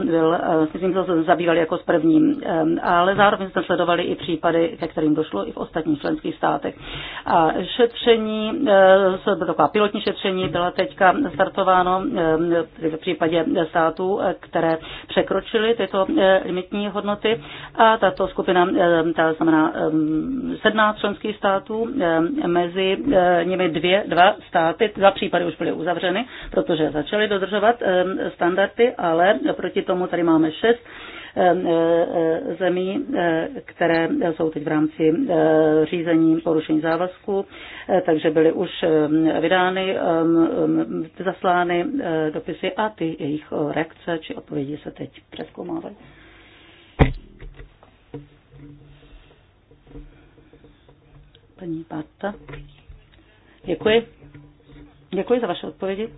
byl, myslím, že se zabývali jako s prvním, ale zároveň jsme sledovali i případy, ke kterým došlo i v ostatních členských státech. A šetření, e, taková pilotní šetření byla teďka startováno e, v případě států, e, které překročily tyto limitní hodnoty a tato skupina, ta znamená 17 členských států, mezi nimi dvě, dva státy, dva případy už byly uzavřeny, protože začaly dodržovat standardy, ale proti tomu tady máme šest Eh, zemí, eh, které jsou teď v rámci eh, řízení porušení závazku, takže byly už vydány, zaslány dopisy a ty jejich reakce či odpovědi se teď přeskoumávají. Paní Barta. Děkuji. Děkuji za vaše odpovědi.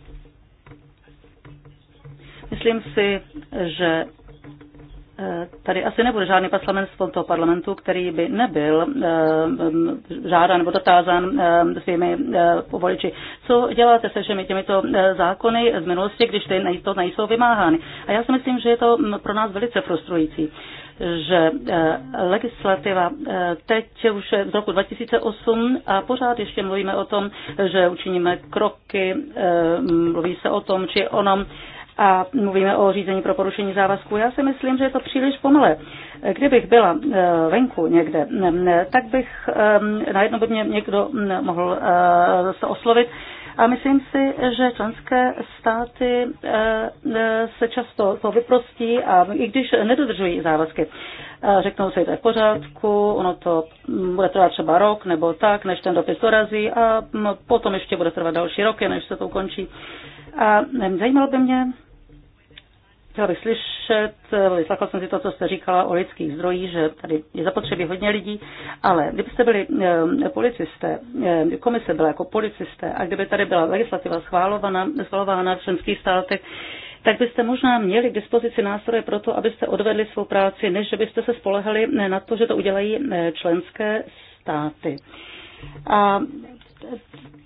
Myslím si, že Eh, tady asi nebude žádný poslanec z toho parlamentu, který by nebyl eh, eh, žádán nebo dotázán svými povoliči. Co děláte se všemi těmito zákony z minulosti, když ty to nejsou vymáhány? A já si myslím, že je to mm, pro nás velice frustrující že legislativa teď už z roku 2008 a pořád ještě mluvíme o tom, že učiníme kroky, mluví se o tom či onom a mluvíme o řízení pro porušení závazků. Já si myslím, že je to příliš pomalé. Kdybych byla eh, venku někde, mm, eh, tak bych eh, najednou by mě někdo mm, mohl se oslovit. A myslím si, že členské státy se často to vyprostí a i když nedodržují závazky, řeknou si, to je v pořádku, ono to mm, bude trvat třeba rok nebo tak, než ten dopis dorazí a potom ještě bude trvat další roky, než se to ukončí. A zajímalo by mě, Chtěla bych slyšet, eh, vyslechla jsem si to, co jste říkala o lidských zdrojích, že tady je zapotřebí hodně lidí, ale kdybyste byli e, policisté, e, komise byla jako policisté a kdyby tady byla legislativa schválována, schválována v členských státech, tak byste možná měli k dispozici nástroje pro to, abyste odvedli svou práci, než že byste se spolehali na to, že to udělají členské státy. A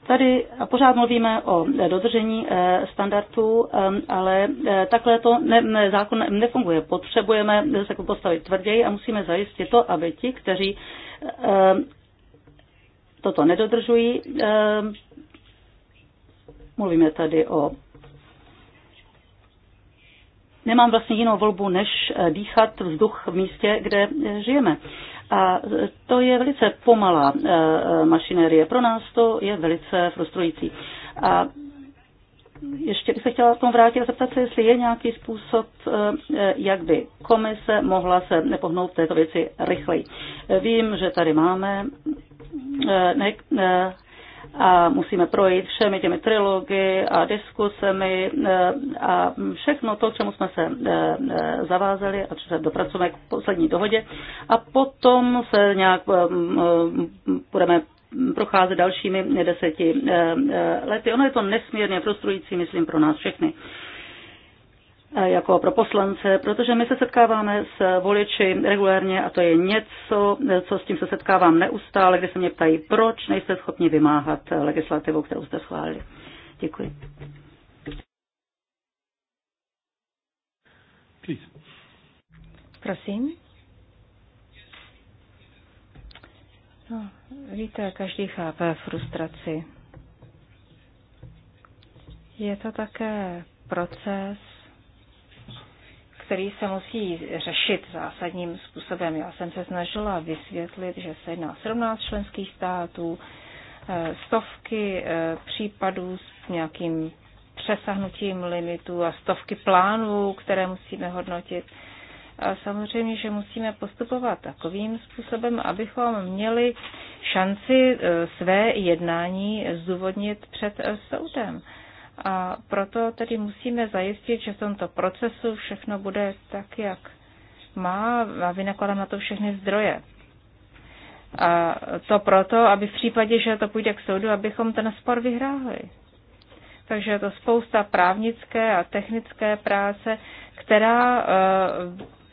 Tady pořád mluvíme o dodržení eh, standardů, eh, ale eh, takhle to ne, ne, zákon nefunguje. Potřebujeme se postavit tvrději a musíme zajistit to, aby ti, kteří toto nedodržují, mluvíme tady o nemám vlastně jinou volbu, než dýchat vzduch v místě, kde žijeme. A to je velice pomalá eh, mašinérie. Pro nás to je velice frustrující. A ještě bych se chtěla k tomu vrátit a zeptat se, jestli je nějaký způsob, eh, jak by komise mohla se nepohnout v této věci rychleji. Vím, že tady máme eh, ne, ne, a musíme projít všemi těmi trilogy a diskusemi e, a všechno to, k čemu jsme se e, e, zavázeli a se dopracujeme k poslední dohodě a potom se nějak budeme procházet dalšími deseti lety. Ono je to nesmírně frustrující, myslím, pro nás všechny. E, jako pro poslance, protože my se setkáváme s voliči regulérně a to je něco, e, co s tím se setkávám neustále, kde se mě ptají, proč nejste schopni vymáhat legislativu, kterou jste schválili. Děkuji. Please. Prosím. No, víte, každý chápe frustraci. Je to také proces, který se musí řešit zásadním způsobem. Já jsem se snažila vysvětlit, že se jedná 17 členských států, eh, stovky eh, případů s nějakým přesahnutím limitů a stovky plánů, které musíme hodnotit. A samozřejmě, že musíme postupovat takovým způsobem, abychom měli šanci eh, své jednání zdůvodnit před soudem. A proto tedy musíme zajistit, že v tomto procesu všechno bude tak, jak má a vynakladám na to všechny zdroje. A to proto, aby v případě, že to půjde k soudu, abychom ten spor vyhráli. Takže je to spousta právnické a technické práce, která eh,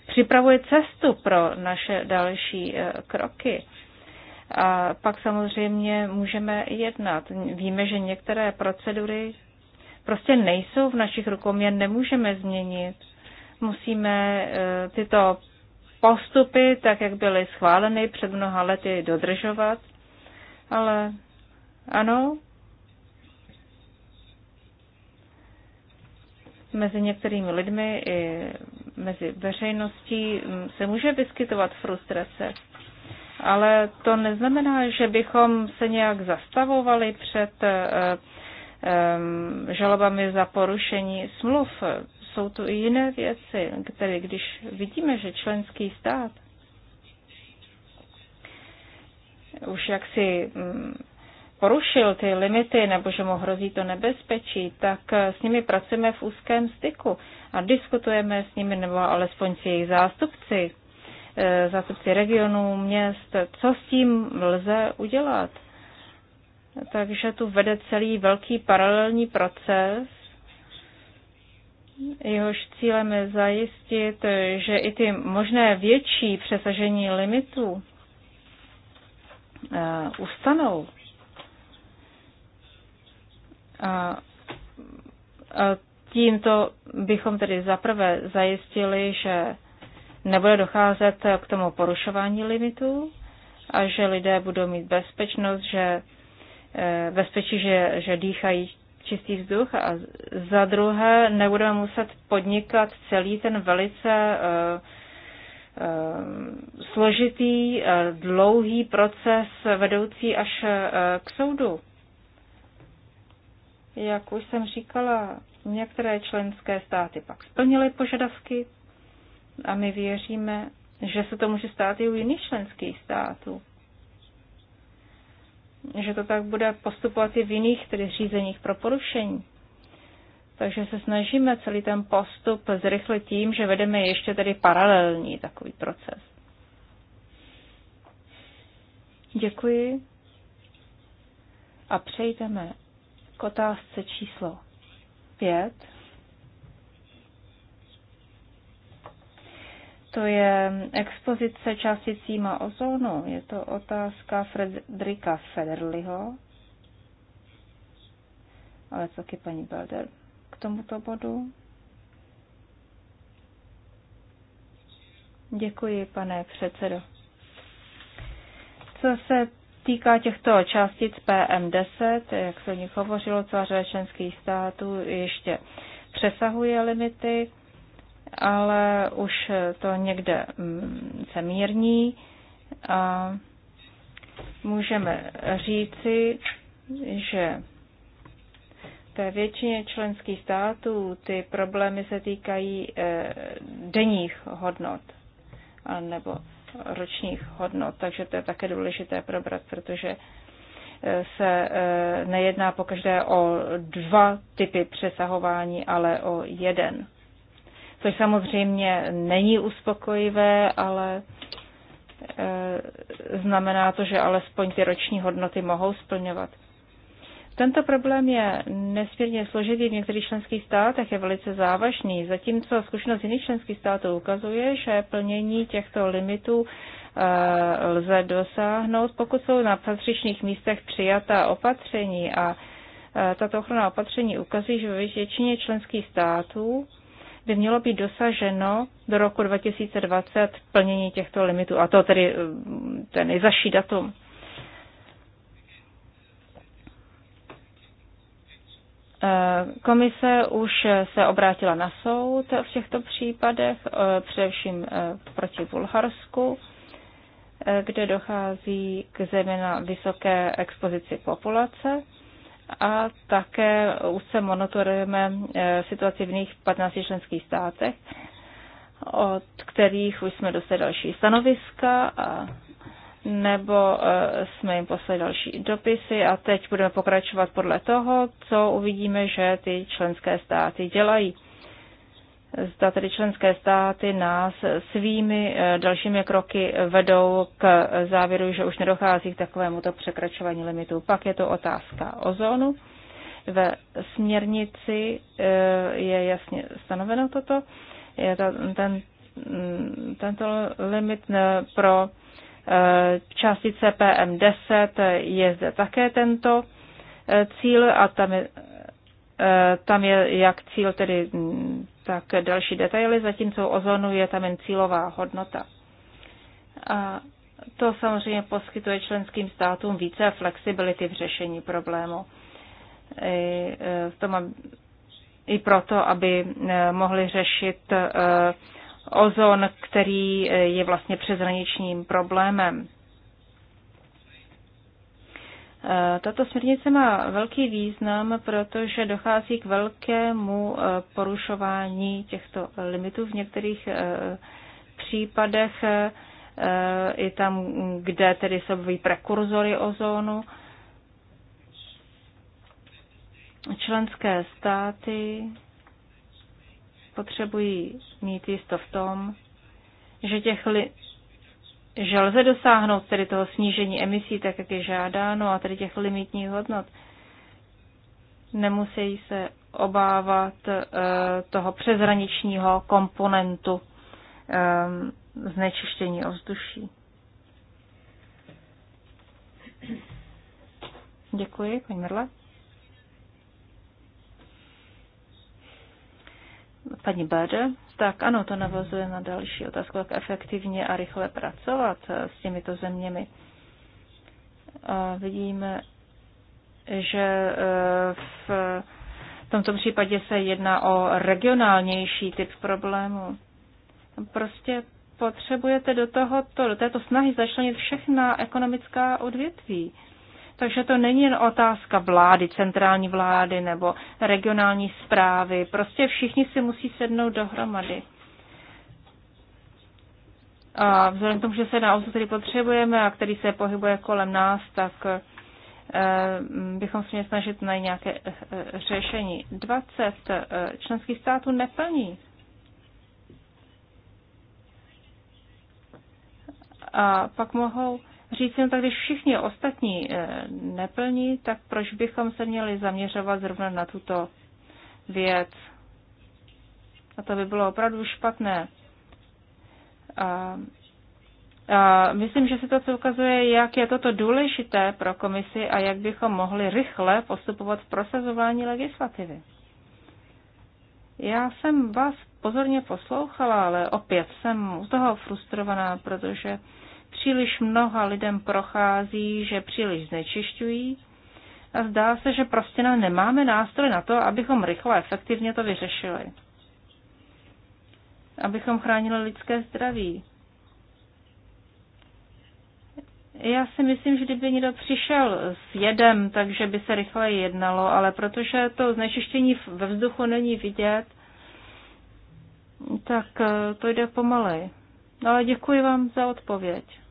připravuje cestu pro naše další eh, kroky. A pak samozřejmě můžeme jednat. Víme, že některé procedury prostě nejsou v našich rukou, my je nemůžeme změnit. Musíme eh, tyto postupy, tak jak byly schváleny před mnoha lety, dodržovat. Ale ano, mezi některými lidmi i mezi veřejností mm, se může vyskytovat frustrace. Ale to neznamená, že bychom se nějak zastavovali před eh, Ehm, žalobami za porušení smluv. Jsou tu i jiné věci, které když vidíme, že členský stát už jaksi mm, porušil ty limity nebo že mu hrozí to nebezpečí, tak eh, s nimi pracujeme v úzkém styku a diskutujeme s nimi nebo alespoň s jejich zástupci, eh, zástupci regionů, měst, co s tím lze udělat takže tu vede celý velký paralelní proces, jehož cílem je zajistit, že i ty možné větší přesažení limitů eh, ustanou. A, a tímto bychom tedy zaprvé zajistili, že nebude docházet k tomu porušování limitů a že lidé budou mít bezpečnost, že Eh, bezpečí, že, že dýchají čistý vzduch a za druhé nebudeme muset podnikat celý ten velice eh, eh, složitý, dlouhý proces vedoucí až k soudu. Jak už jsem říkala, některé členské státy pak splnily požadavky a my věříme, že se to může stát i u jiných členských států že to tak bude postupovat i v jiných tedy řízeních pro porušení. Takže se snažíme celý ten postup zrychlit tím, že vedeme ještě tedy paralelní takový proces. Děkuji. A přejdeme k otázce číslo 5. to je expozice částicíma ozónu. Je to otázka Fredrika Federliho, ale co ke paní Belder k tomuto bodu. Děkuji, pane předsedo. Co se týká těchto částic PM10, jak se o nich hovořilo, celá řada členských států ještě přesahuje limity ale už to někde mm, se mírní a můžeme říci, že ve většině členských států ty problémy se týkají eh, denních hodnot nebo ročních hodnot, takže to je také důležité probrat, protože eh, se eh, nejedná pokaždé o dva typy přesahování, ale o jeden což samozřejmě není uspokojivé, ale e, znamená to, že alespoň ty roční hodnoty mohou splňovat. Tento problém je nesmírně složitý v některých členských státech, je velice závažný, zatímco zkušenost jiných členských států ukazuje, že plnění těchto limitů e, lze dosáhnout, pokud jsou na patřičných místech přijatá opatření a e, tato ochrana opatření ukazuje, že ve většině členských států by mělo být dosaženo do roku 2020 plnění těchto limitů, a to tedy eh, ten nejzaší datum. Eh, komise už se obrátila na soud v těchto případech, eh, především proti Bulharsku, kde dochází k zejména vysoké expozici populace a také už se monitorujeme eh, situaci v jiných 15 členských státech, od kterých už jsme dostali další stanoviska a nebo eh, jsme jim poslali další dopisy a teď budeme pokračovat podle toho, co uvidíme, že ty členské státy dělají zda tedy členské státy nás svými eh, dalšími kroky vedou k závěru, že už nedochází k takovému to překračování limitu. Pak je to otázka ozónu. Ve směrnici eh, je jasně stanoveno toto. Je to, ten, mm, tento limit eh, pro částice PM10 je zde také tento cíl a tam je, tam je jak cíl tedy mm, tak další detaily, zatímco ozonu je tam jen cílová hodnota. A to samozřejmě poskytuje členským státům více flexibility v řešení problému. I, e, tom, i proto, aby e, mohli řešit e, ozon, který je vlastně přeshraničním problémem. Tato směrnice má velký význam, protože dochází k velkému eh, porušování těchto limitů v některých eh, případech eh, i tam, kde tedy jsou prekurzory ozónu. Členské státy potřebují mít jisto v tom, že těch že lze dosáhnout tedy toho snížení emisí, tak jak je žádáno, a tedy těch limitních hodnot. Nemusí se obávat eh, toho přezraničního komponentu eh, znečištění ovzduší. Děkuji, paní Merle. Paní Bade, tak ano, to navazuje na další otázku, jak efektivně a rychle pracovat s těmito zeměmi. A vidíme, že e, v tomto případě se jedná o regionálnější typ problému. Prostě potřebujete do, tohoto, do této snahy začlenit všechna ekonomická odvětví. Takže to není jen otázka vlády, centrální vlády nebo regionální zprávy. Prostě všichni si musí sednout dohromady. A vzhledem k tomu, že se na auto, který potřebujeme a který se pohybuje kolem nás, tak eh, bychom se měli snažit najít nějaké eh, eh, řešení. 20 členských států neplní. A pak mohou říct, no tak když všichni ostatní eh, neplní, tak proč bychom se měli zaměřovat zrovna na tuto věc? A to by bylo opravdu špatné. A, a myslím, že se to ukazuje, jak je toto důležité pro komisi a jak bychom mohli rychle postupovat v prosazování legislativy. Já jsem vás pozorně poslouchala, ale opět jsem u toho frustrovaná, protože uh, příliš mnoha lidem prochází, že příliš znečišťují a zdá se, že prostě nemáme nástroj na to, abychom rychle a efektivně to vyřešili. Abychom chránili lidské zdraví. Já si myslím, že kdyby někdo přišel s jedem, takže by se rychleji jednalo, ale protože to znečištění ve vzduchu není vidět, tak eh, to jde pomalej. Ale děkuji vám za odpověď.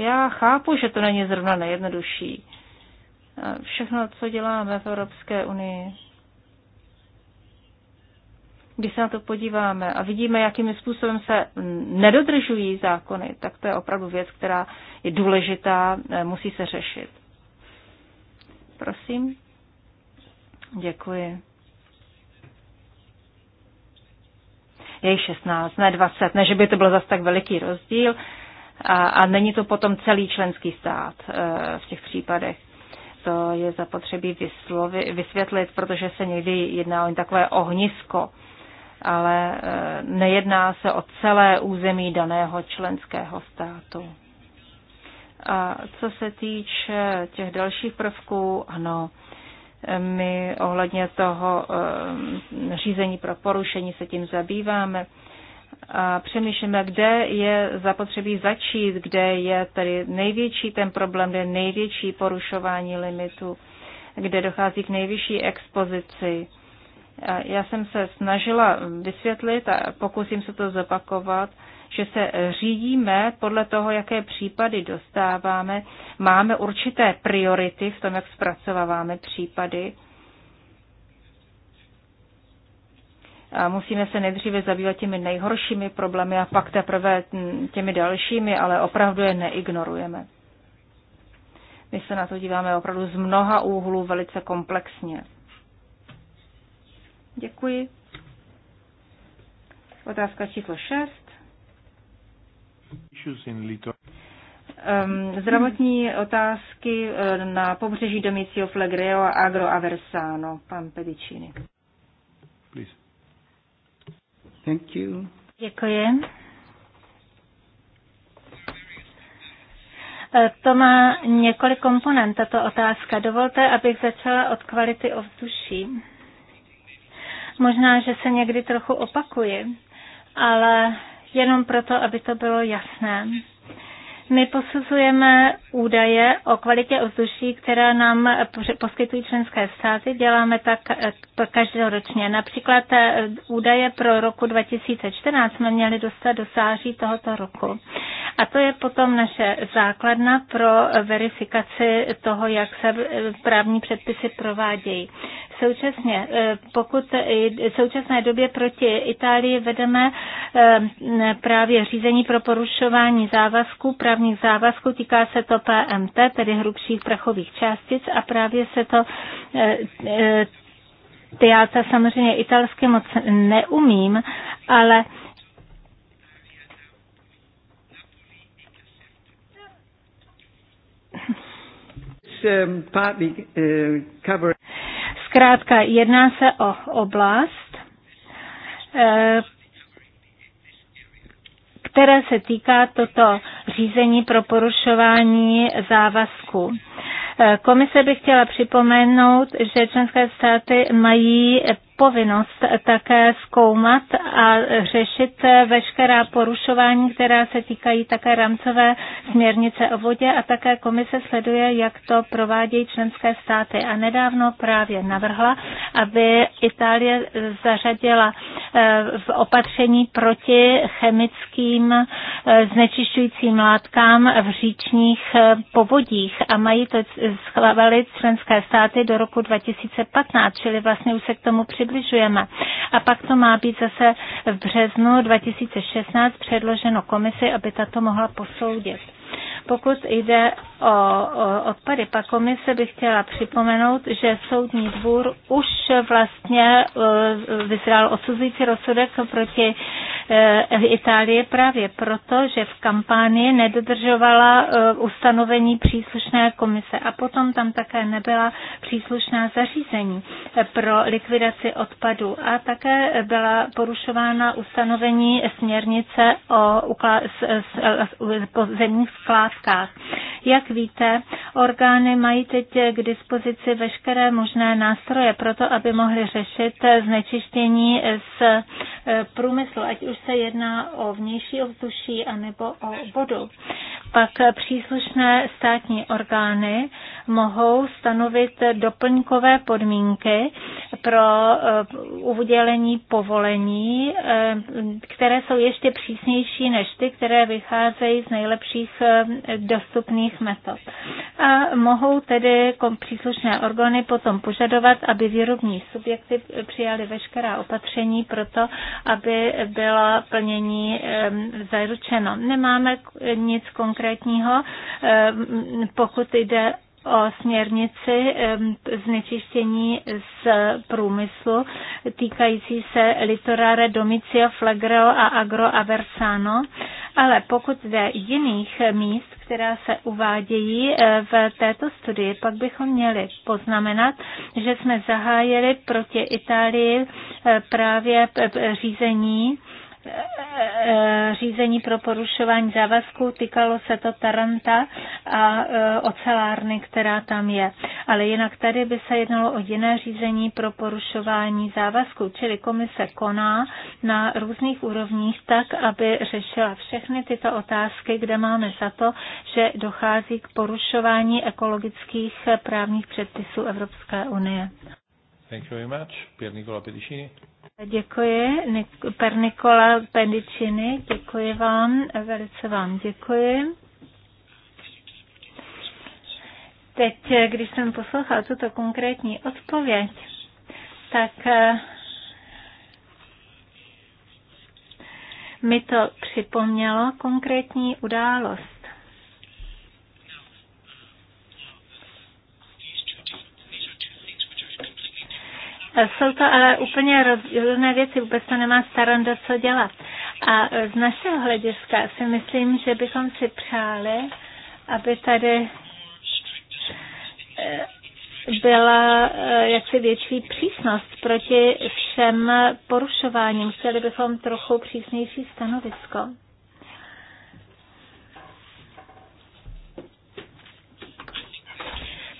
Já chápu, že to není zrovna nejjednodušší. Všechno, co děláme v Evropské unii, když se na to podíváme a vidíme, jakým způsobem se nedodržují zákony, tak to je opravdu věc, která je důležitá, e, musí se řešit. Prosím. Děkuji. Je 16, ne 20, ne, že by to byl zase tak veliký rozdíl a, a není to potom celý členský stát e, v těch případech. To je zapotřebí vyslovi, vysvětlit, protože se někdy jedná o takové ohnisko, ale e, nejedná se o celé území daného členského státu. A co se týče těch dalších prvků, ano, my ohledně toho e, řízení pro porušení se tím zabýváme a přemýšlíme, kde je zapotřebí začít, kde je tady největší ten problém, kde je největší porušování limitu, kde dochází k nejvyšší expozici. Já jsem se snažila vysvětlit a pokusím se to zopakovat, že se řídíme podle toho, jaké případy dostáváme, máme určité priority v tom, jak zpracováváme případy A musíme se nejdříve zabývat těmi nejhoršími problémy a pak teprve mm, těmi dalšími, ale opravdu je neignorujeme. My se na to díváme opravdu z mnoha úhlů velice komplexně. Děkuji. Otázka číslo 6. Um, ehm, zdravotní otázky eh, na pobřeží Domicio Flegreo a Agro Aversano, pan Pedicini. Thank you. Děkuji. Eh, to má několik komponent, tato otázka. Dovolte, abych začala od kvality ovzduší. Možná, že se někdy trochu opakuji, ale jenom proto, aby to bylo jasné. My posuzujeme údaje o kvalitě ovzduší, které nám poskytují členské státy. Děláme tak eh, každoročně. Například eh, údaje pro roku 2014 jsme měli dostat do září tohoto roku. A to je potom naše základna pro verifikaci toho, jak se právní předpisy provádějí. Současně, eh, pokud v současné době proti Itálii vedeme eh, právě řízení pro porušování závazků, právních závazků, týká se to PMT, tedy hrubších prachových částic a právě se to eh, já to samozřejmě italsky moc neumím, ale um, partly uh, Zkrátka, jedná se o oblast, eh, které se týká toto řízení pro porušování závazku. Eh, komise by chtěla připomenout, že členské státy mají povinnost také zkoumat a řešit veškerá porušování, která se týkají také rámcové směrnice o vodě a také komise sleduje, jak to provádějí členské státy. A nedávno právě navrhla, aby Itálie zařadila eh, v opatření proti chemickým eh, znečišťujícím látkám v říčních eh, povodích a mají to schválit členské státy do roku 2015, čili vlastně už se k tomu přibývá přibližujeme. A pak to má být zase v březnu 2016 předloženo komisi, aby tato mohla posoudit. Pokud jde o odpady, pak komise by chtěla připomenout, že soudní dvůr už vlastně eh, vyzral osuzující rozsudek proti eh, Itálie právě proto, že v kampánii nedodržovala eh, ustanovení příslušné komise a potom tam také nebyla příslušná zařízení pro likvidaci odpadů a také byla porušována ustanovení směrnice o zemních skládkách dávkách. Jak víte, orgány mají teď k dispozici veškeré možné nástroje pro to, aby mohly řešit znečištění z e, průmyslu, ať už se jedná o vnější ovzduší anebo o vodu. Pak příslušné státní orgány mohou stanovit doplňkové podmínky pro e, udělení povolení, e, které jsou ještě přísnější než ty, které vycházejí z nejlepších dostupných metod. A mohou tedy příslušné orgány potom požadovat, aby výrobní subjekty přijali veškerá opatření pro to, aby bylo plnění zaručeno. Nemáme nic konkrétního, pokud jde o směrnici znečištění z průmyslu týkající se litorare Domicia Flagreo a Agro Aversano, ale pokud jde jiných míst, která se uvádějí eh, v této studii, pak bychom měli poznamenat, že jsme zahájili proti Itálii eh, právě eh, řízení řízení pro porušování závazků, týkalo se to Taranta a e, ocelárny, která tam je. Ale jinak tady by se jednalo o jiné řízení pro porušování závazků, čili komise koná na různých úrovních tak, aby řešila všechny tyto otázky, kde máme za to, že dochází k porušování ekologických právních předpisů Evropské unie. Thank you very much. Pier Nicola Pedicini. Děkuji, Per Nicola Pedicini, děkuji vám, velice vám děkuji. Teď, když jsem poslouchal tuto konkrétní odpověď, tak eh, mi to připomnělo konkrétní událost Jsou to ale úplně rozdílné věci, vůbec to nemá staranda co dělat. A z našeho hlediska si myslím, že bychom si přáli, aby tady eh, byla eh, jaksi větší přísnost proti všem porušováním. Chtěli bychom trochu přísnější stanovisko.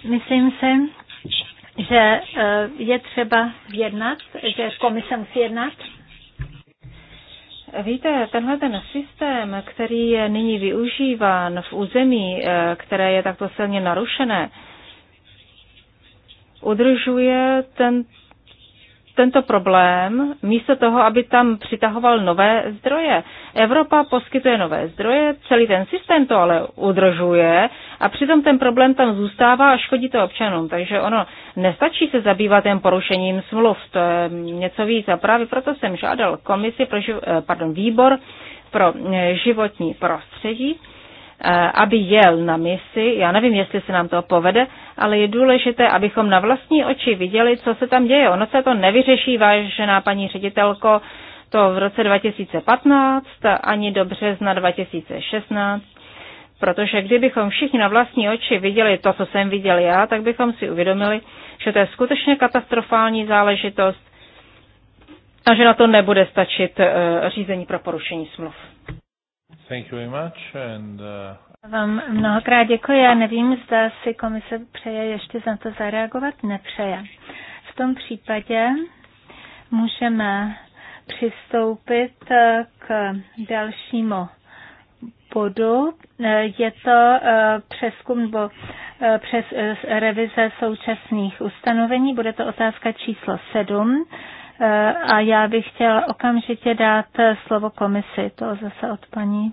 Myslím si, že eh, je třeba jednat, že komise musí jednat? Víte, tenhle ten systém, který je nyní využíván v území, eh, které je takto silně narušené, udržuje ten, tento problém místo toho, aby tam přitahoval nové zdroje. Evropa poskytuje nové zdroje, celý ten systém to ale udržuje a přitom ten problém tam zůstává a škodí to občanům. Takže ono nestačí se zabývat jen porušením smluv, to je něco víc a právě proto jsem žádal komisi pro, živ... Eh, pardon, výbor pro eh, životní prostředí, Eh, aby jel na misi. Já nevím, jestli se nám to povede, ale je důležité, abychom na vlastní oči viděli, co se tam děje. Ono se to nevyřeší, vážená paní ředitelko, to v roce 2015 ani do března 2016. Protože kdybychom všichni na vlastní oči viděli to, co jsem viděl já, tak bychom si uvědomili, že to je skutečně katastrofální záležitost a že na to nebude stačit eh, řízení pro porušení smluv. Thank you very much and, uh... Vám mnohokrát děkuji. Já nevím, zda si komise přeje ještě za to zareagovat. Nepřeje. V tom případě můžeme přistoupit eh, k dalšímu bodu. Eh, je to eh, přeskum nebo přes revize současných ustanovení. Bude to otázka číslo 7. A já bych chtěla okamžitě dát slovo komisi. To zase od paní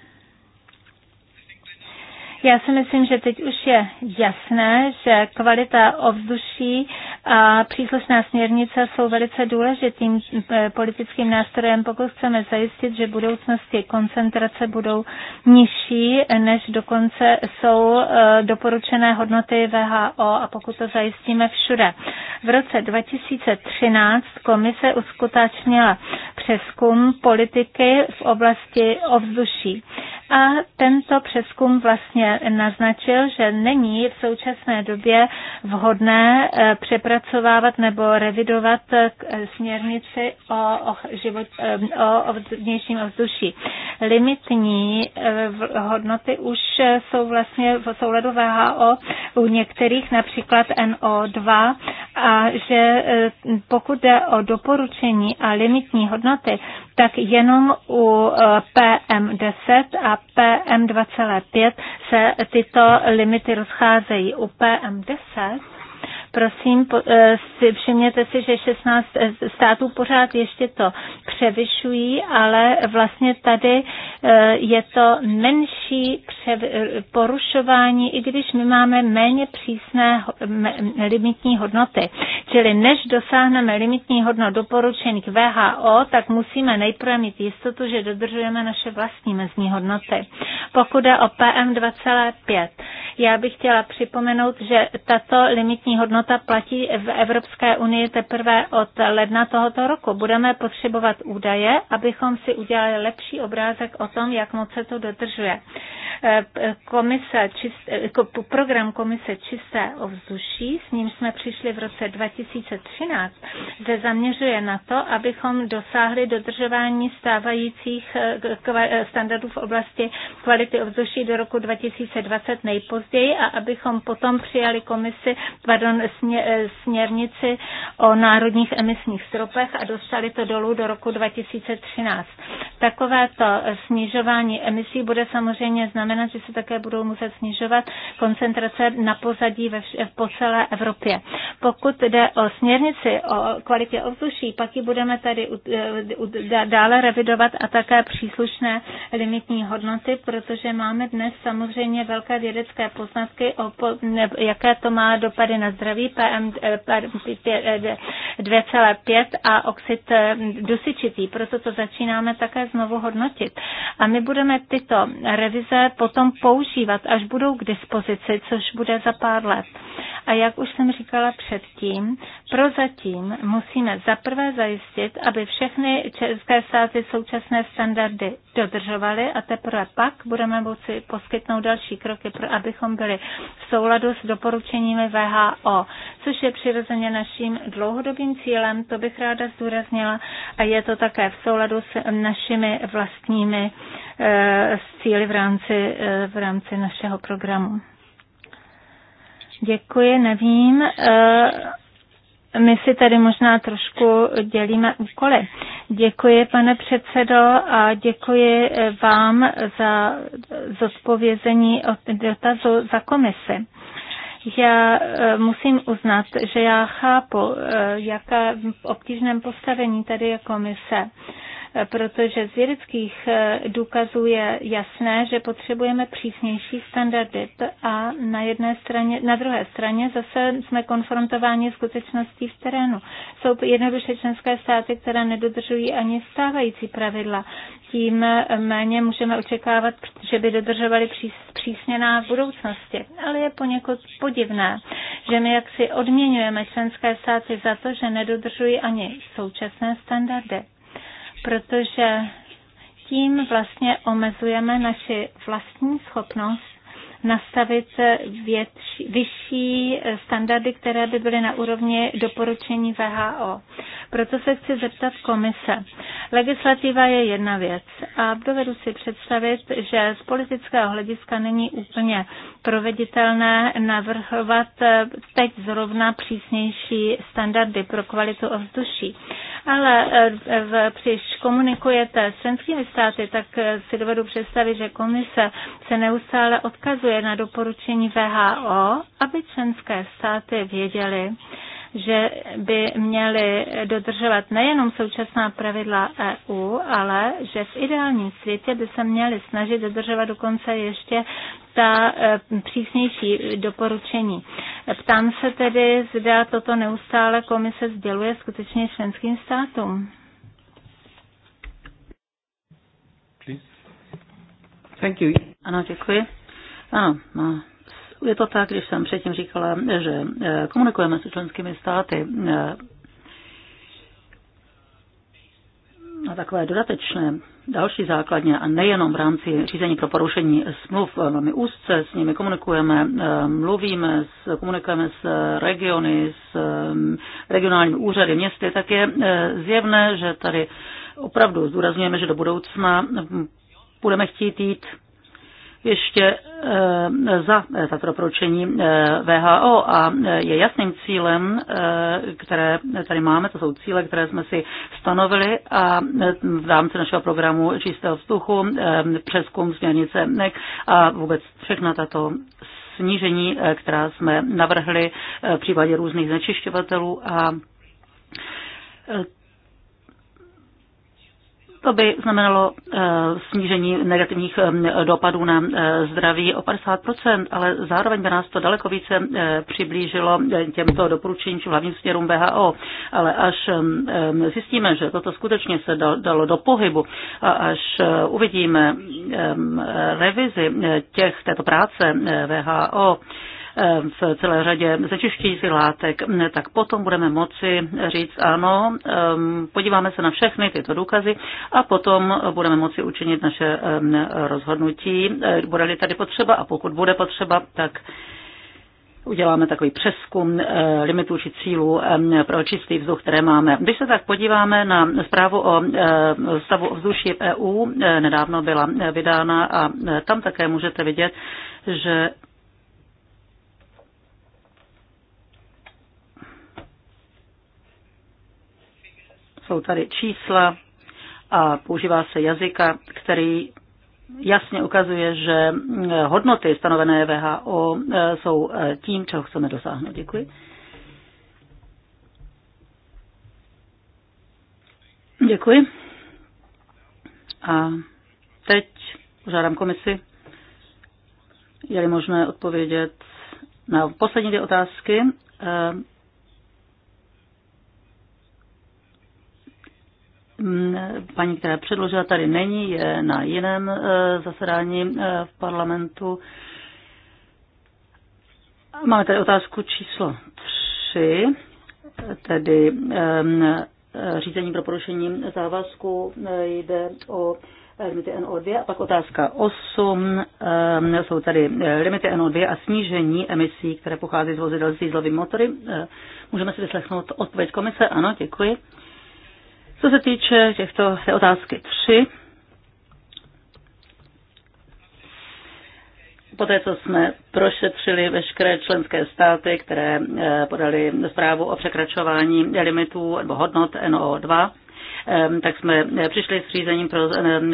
Já si myslím, že teď už je jasné, že kvalita ovzduší a příslušná směrnice jsou velice důležitým eh, politickým nástrojem, pokud chceme zajistit, že budoucnosti koncentrace budou nižší, než dokonce jsou eh, doporučené hodnoty VHO a pokud to zajistíme všude. V roce 2013 komise uskutečnila přeskum politiky v oblasti ovzduší. A tento přeskum vlastně naznačil, že není v současné době vhodné eh, přepracovávat nebo revidovat eh, eh, směrnici o, o, život, o vnějším ovzduší. Limitní hodnoty už jsou vlastně v souladu VHO u některých, například NO2, a že pokud jde o doporučení a limitní hodnoty, tak jenom u PM10 a PM2,5 se tyto limity rozcházejí. U PM10 Prosím, eh, si všimněte si, že 16 eh, států pořád ještě to převyšují, ale vlastně tady eh, je to menší porušování, i když my máme méně přísné limitní hodnoty. Čili než dosáhneme limitní hodnot doporučených VHO, tak musíme nejprve mít jistotu, že dodržujeme naše vlastní mezní hodnoty. Pokud je o PM 2,5, já bych chtěla připomenout, že tato limitní hodnota hodnota platí v Evropské unii teprve od ledna tohoto roku. Budeme potřebovat údaje, abychom si udělali lepší obrázek o tom, jak moc se to dodržuje. Eh, komise, čist, eh, program Komise čisté ovzduší, s ním jsme přišli v roce 2013, se zaměřuje na to, abychom dosáhli dodržování stávajících eh, standardů v oblasti kvality ovzduší do roku 2020 nejpozději a abychom potom přijali komisi, pardon, Eh, směrnici o národních emisních stropech a dostali to dolů do roku 2013. Takovéto snižování emisí bude samozřejmě znamenat, že se také budou muset snižovat koncentrace na pozadí ve vš- po celé Evropě. Pokud jde o směrnici o kvalitě ovzduší, pak ji budeme tady e, dále revidovat a také příslušné limitní hodnoty, protože máme dnes samozřejmě velké vědecké poznatky o po, ne, jaké to má dopady na zdraví PM 2,5 e, e, a oxid dusičitý. Proto to začínáme také znovu hodnotit. A my budeme tyto revize potom používat, až budou k dispozici, což bude za pár let. A jak už jsem říkala předtím, prozatím musíme zaprvé zajistit, aby všechny české státy současné standardy dodržovaly a teprve pak budeme moci poskytnout další kroky, pro, abychom byli v souladu s doporučeními VHO, což je přirozeně naším dlouhodobým cílem, to bych ráda zdůraznila, a je to také v souladu s naším našimi vlastními eh, cíly v rámci, eh, v rámci našeho programu. Děkuji, nevím. Eh, my si tady možná trošku dělíme úkoly. Děkuji, pane předsedo, a děkuji vám za zodpovězení dotazu za komisi. Já musím uznat, že já chápu, jaká v obtížném postavení tady je komise protože z vědeckých eh, důkazů je jasné, že potřebujeme přísnější standardy a na jedné straně, na druhé straně zase jsme konfrontováni skutečností v terénu. Jsou jednoduše členské státy, které nedodržují ani stávající pravidla. Tím eh, méně můžeme očekávat, že by dodržovali přísněná v budoucnosti. Ale je poněkud podivné, že my jaksi odměňujeme členské státy za to, že nedodržují ani současné standardy protože tím vlastně omezujeme naši vlastní schopnost nastavit větší, vyšší standardy, které by byly na úrovni doporučení VHO. Proto se chci zeptat komise. Legislativa je jedna věc a dovedu si představit, že z politického hlediska není úplně proveditelné navrhovat teď zrovna přísnější standardy pro kvalitu ovzduší. Ale eh, když komunikujete s členskými státy, tak si dovedu představit, že komise se neustále odkazuje reaguje na doporučení VHO, aby členské státy věděly, že by měly dodržovat nejenom současná pravidla EU, ale že v ideálním světě by se měly snažit dodržovat dokonce ještě ta e, přísnější doporučení. Ptám se tedy, zda toto neustále komise sděluje skutečně členským státům. Please. Thank you. Ano, děkuji. Ano, no. je to tak, když jsem předtím říkala, že e, komunikujeme se členskými státy na e, takové dodatečné další základně a nejenom v rámci řízení pro porušení smluv. E, My úzce s nimi komunikujeme, mluvíme, komunikujeme s regiony, s regionálními úřady, městy, tak je zjevné, že tady opravdu zdůrazňujeme, že do budoucna budeme chtít jít ještě eh, za tato doporučení eh, VHO a eh, je jasným cílem, které tady máme, to jsou cíle, které jsme si stanovili a v rámci našeho programu čistého vzduchu, přeskum směrnice NEC a vůbec všechna tato snížení, která jsme navrhli v případě různých znečišťovatelů a to by znamenalo eh, snížení negativních eh, dopadů na eh, zdraví o 50%, ale zároveň by nás to daleko více přiblížilo těmto doporučením či hlavním směrům WHO, Ale až zjistíme, že toto skutečně se dalo do pohybu a až uvidíme revizi těch této práce VHO, Eh, v celé řadě zečišťujících látek, tak potom budeme moci říct ano, eh, podíváme se na všechny tyto důkazy a potom budeme moci učinit naše eh, rozhodnutí, bude-li tady potřeba a pokud bude potřeba, tak uděláme takový přeskum limitů či cílů pro čistý vzduch, které máme. Když se tak podíváme na zprávu o stavu ovzduší EU, nedávno byla vydána a tam také můžete vidět, že Jsou tady čísla a používá se jazyka, který jasně ukazuje, že eh, hodnoty stanovené VHO eh, jsou eh, tím, čeho chceme dosáhnout. Děkuji. Děkuji. A teď požádám komisi, je-li možné odpovědět na poslední dvě otázky Mm, paní, která předložila, tady není, je na jiném eh, zasedání eh, v parlamentu. Máme tady otázku číslo tři, tedy ehm, eh, řízení pro porušení závazku jde o limity NO2 a pak otázka 8. Ehm, jsou tady limity NO2 a snížení emisí, které pochází z vozidel s dýzlovými motory. Můžeme si vyslechnout odpověď komise? Ano, děkuji. Co se týče těchto té otázky tři, Poté, co jsme prošetřili veškeré členské státy, které eh, podali zprávu o překračování limitů nebo hodnot NO2, tak jsme přišli s řízením pro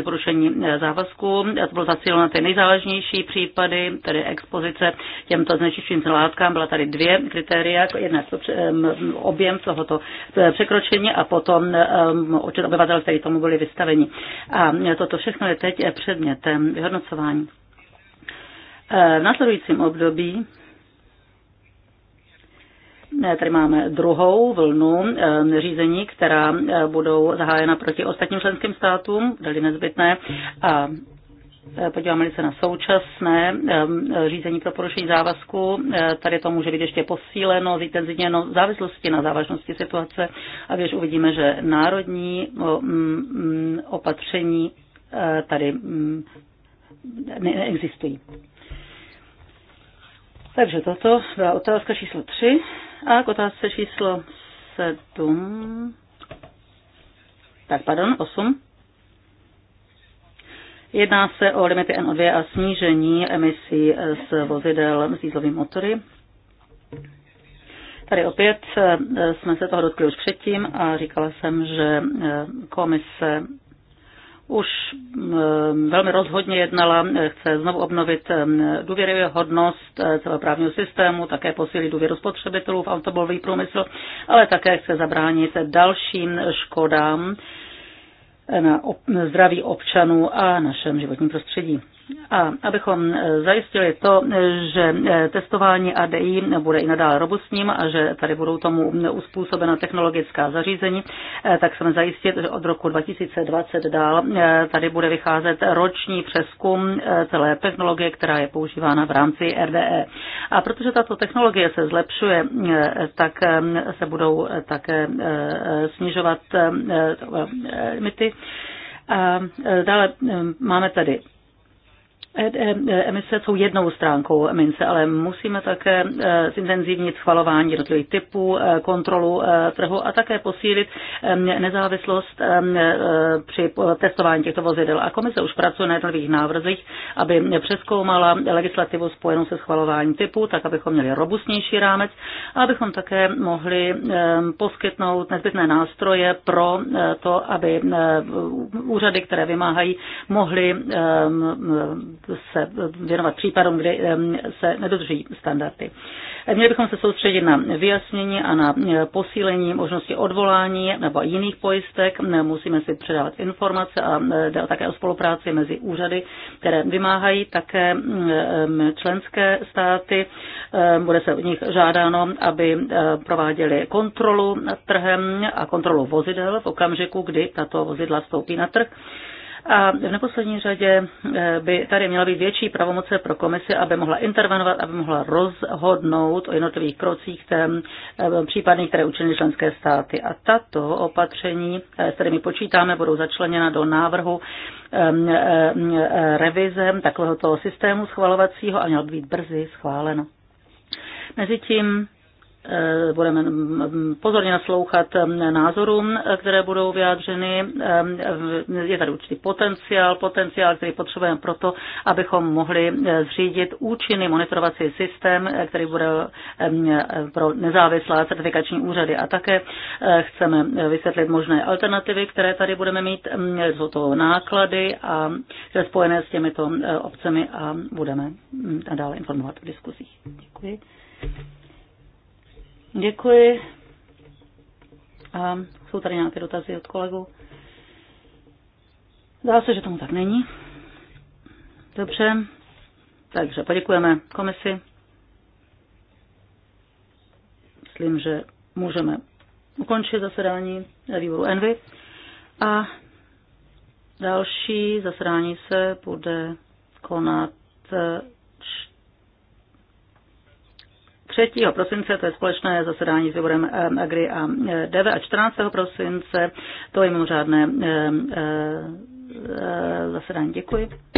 porušení závazku. To bylo zacíleno na ty nejzáležnější případy, tedy expozice těmto znečišťujícím látkám. Byla tady dvě kritéria, jedna objem tohoto e, překročení a potom počet obyvatel, kteří tomu byli vystaveni. A toto všechno je teď předmětem vyhodnocování. E, v následujícím období Eh, tady máme druhou vlnu eh, řízení, která eh, budou zahájena proti ostatním členským státům, dali nezbytné. A podíváme se na současné řízení pro porušení závazku, tady to může být ještě posíleno, zintenzivněno v závislosti na závažnosti situace a věž uvidíme, že národní mm, mm, opatření tady mm, neexistují. Takže toto byla otázka číslo 3 a k otázce číslo 7. Tak, pardon, 8. Jedná se o limity NO2 a snížení emisí z vozidel s dýzlovými motory. Tady opět eh, jsme se toho dotkli už předtím a říkala jsem, že eh, komise už eh, velmi rozhodně jednala, eh, chce znovu obnovit eh, důvěryhodnost celého právního systému, také posílit důvěru spotřebitelů v automobilový průmysl, ale také chce zabránit dalším škodám na zdraví občanů a našem životním prostředí. A abychom zajistili to, že testování ADI bude i nadále robustním a že tady budou tomu uspůsobena technologická zařízení, tak chceme zajistit, že od roku 2020 dál tady bude vycházet roční přeskum celé technologie, která je používána v rámci RDE. A protože tato technologie se zlepšuje, tak se budou také snižovat limity. A dále máme tady Eh, emise jsou jednou stránkou mince, ale musíme také eh, zintenzivnit schvalování jednotlivých typů, eh, kontrolu trhu a také posílit nezávislost při testování těchto vozidel. A komise už pracuje na jednotlivých návrzích, aby přeskoumala legislativu spojenou se schvalováním typů, tak abychom měli robustnější rámec a abychom také mohli poskytnout nezbytné nástroje pro to, aby úřady, které vymáhají, mohly se věnovat případům, kde se nedodržují standardy. Měli bychom se soustředit na vyjasnění a na e, posílení možnosti odvolání nebo jiných pojistek. Musíme si předávat informace a jde také o spolupráci mezi úřady, které vymáhají také členské státy. E, bude se od nich žádáno, aby e, prováděli kontrolu nad trhem a kontrolu vozidel v okamžiku, kdy tato vozidla vstoupí na trh a v neposlední řadě eh, by tady měla být větší pravomoce pro komisi, aby mohla intervenovat, aby mohla rozhodnout o jednotlivých krocích eh, případných, které učinily členské státy. A tato opatření, eh, s kterými počítáme, budou začleněna do návrhu ehm, ehm, takového toho systému schvalovacího a mělo být brzy schváleno. Mezitím Eh, budeme mm, mm, pozorně naslouchat mm, názorům, eh, které budou vyjádřeny. Eh, je tady určitý potenciál, potenciál, který potřebujeme proto, abychom mohli zřídit účinný monitorovací systém, který bude pro nezávislá certifikační úřady. A také chceme vysvětlit možné alternativy, které tady budeme mít. Jsou to náklady a které spojené s těmito obcemi a budeme nadále informovat o diskuzích. Děkuji. Děkuji. A jsou tady nějaké dotazy od kolegů? Dá se, že tomu tak není. Dobře, takže poděkujeme komisi. Myslím, že můžeme ukončit zasedání výboru Envy. A další zasedání se bude konat 3. prosince, to je společné zasedání s výborem Agri a e, DV a 14. prosince, to je mimořádné e, e, zasedání. Děkuji.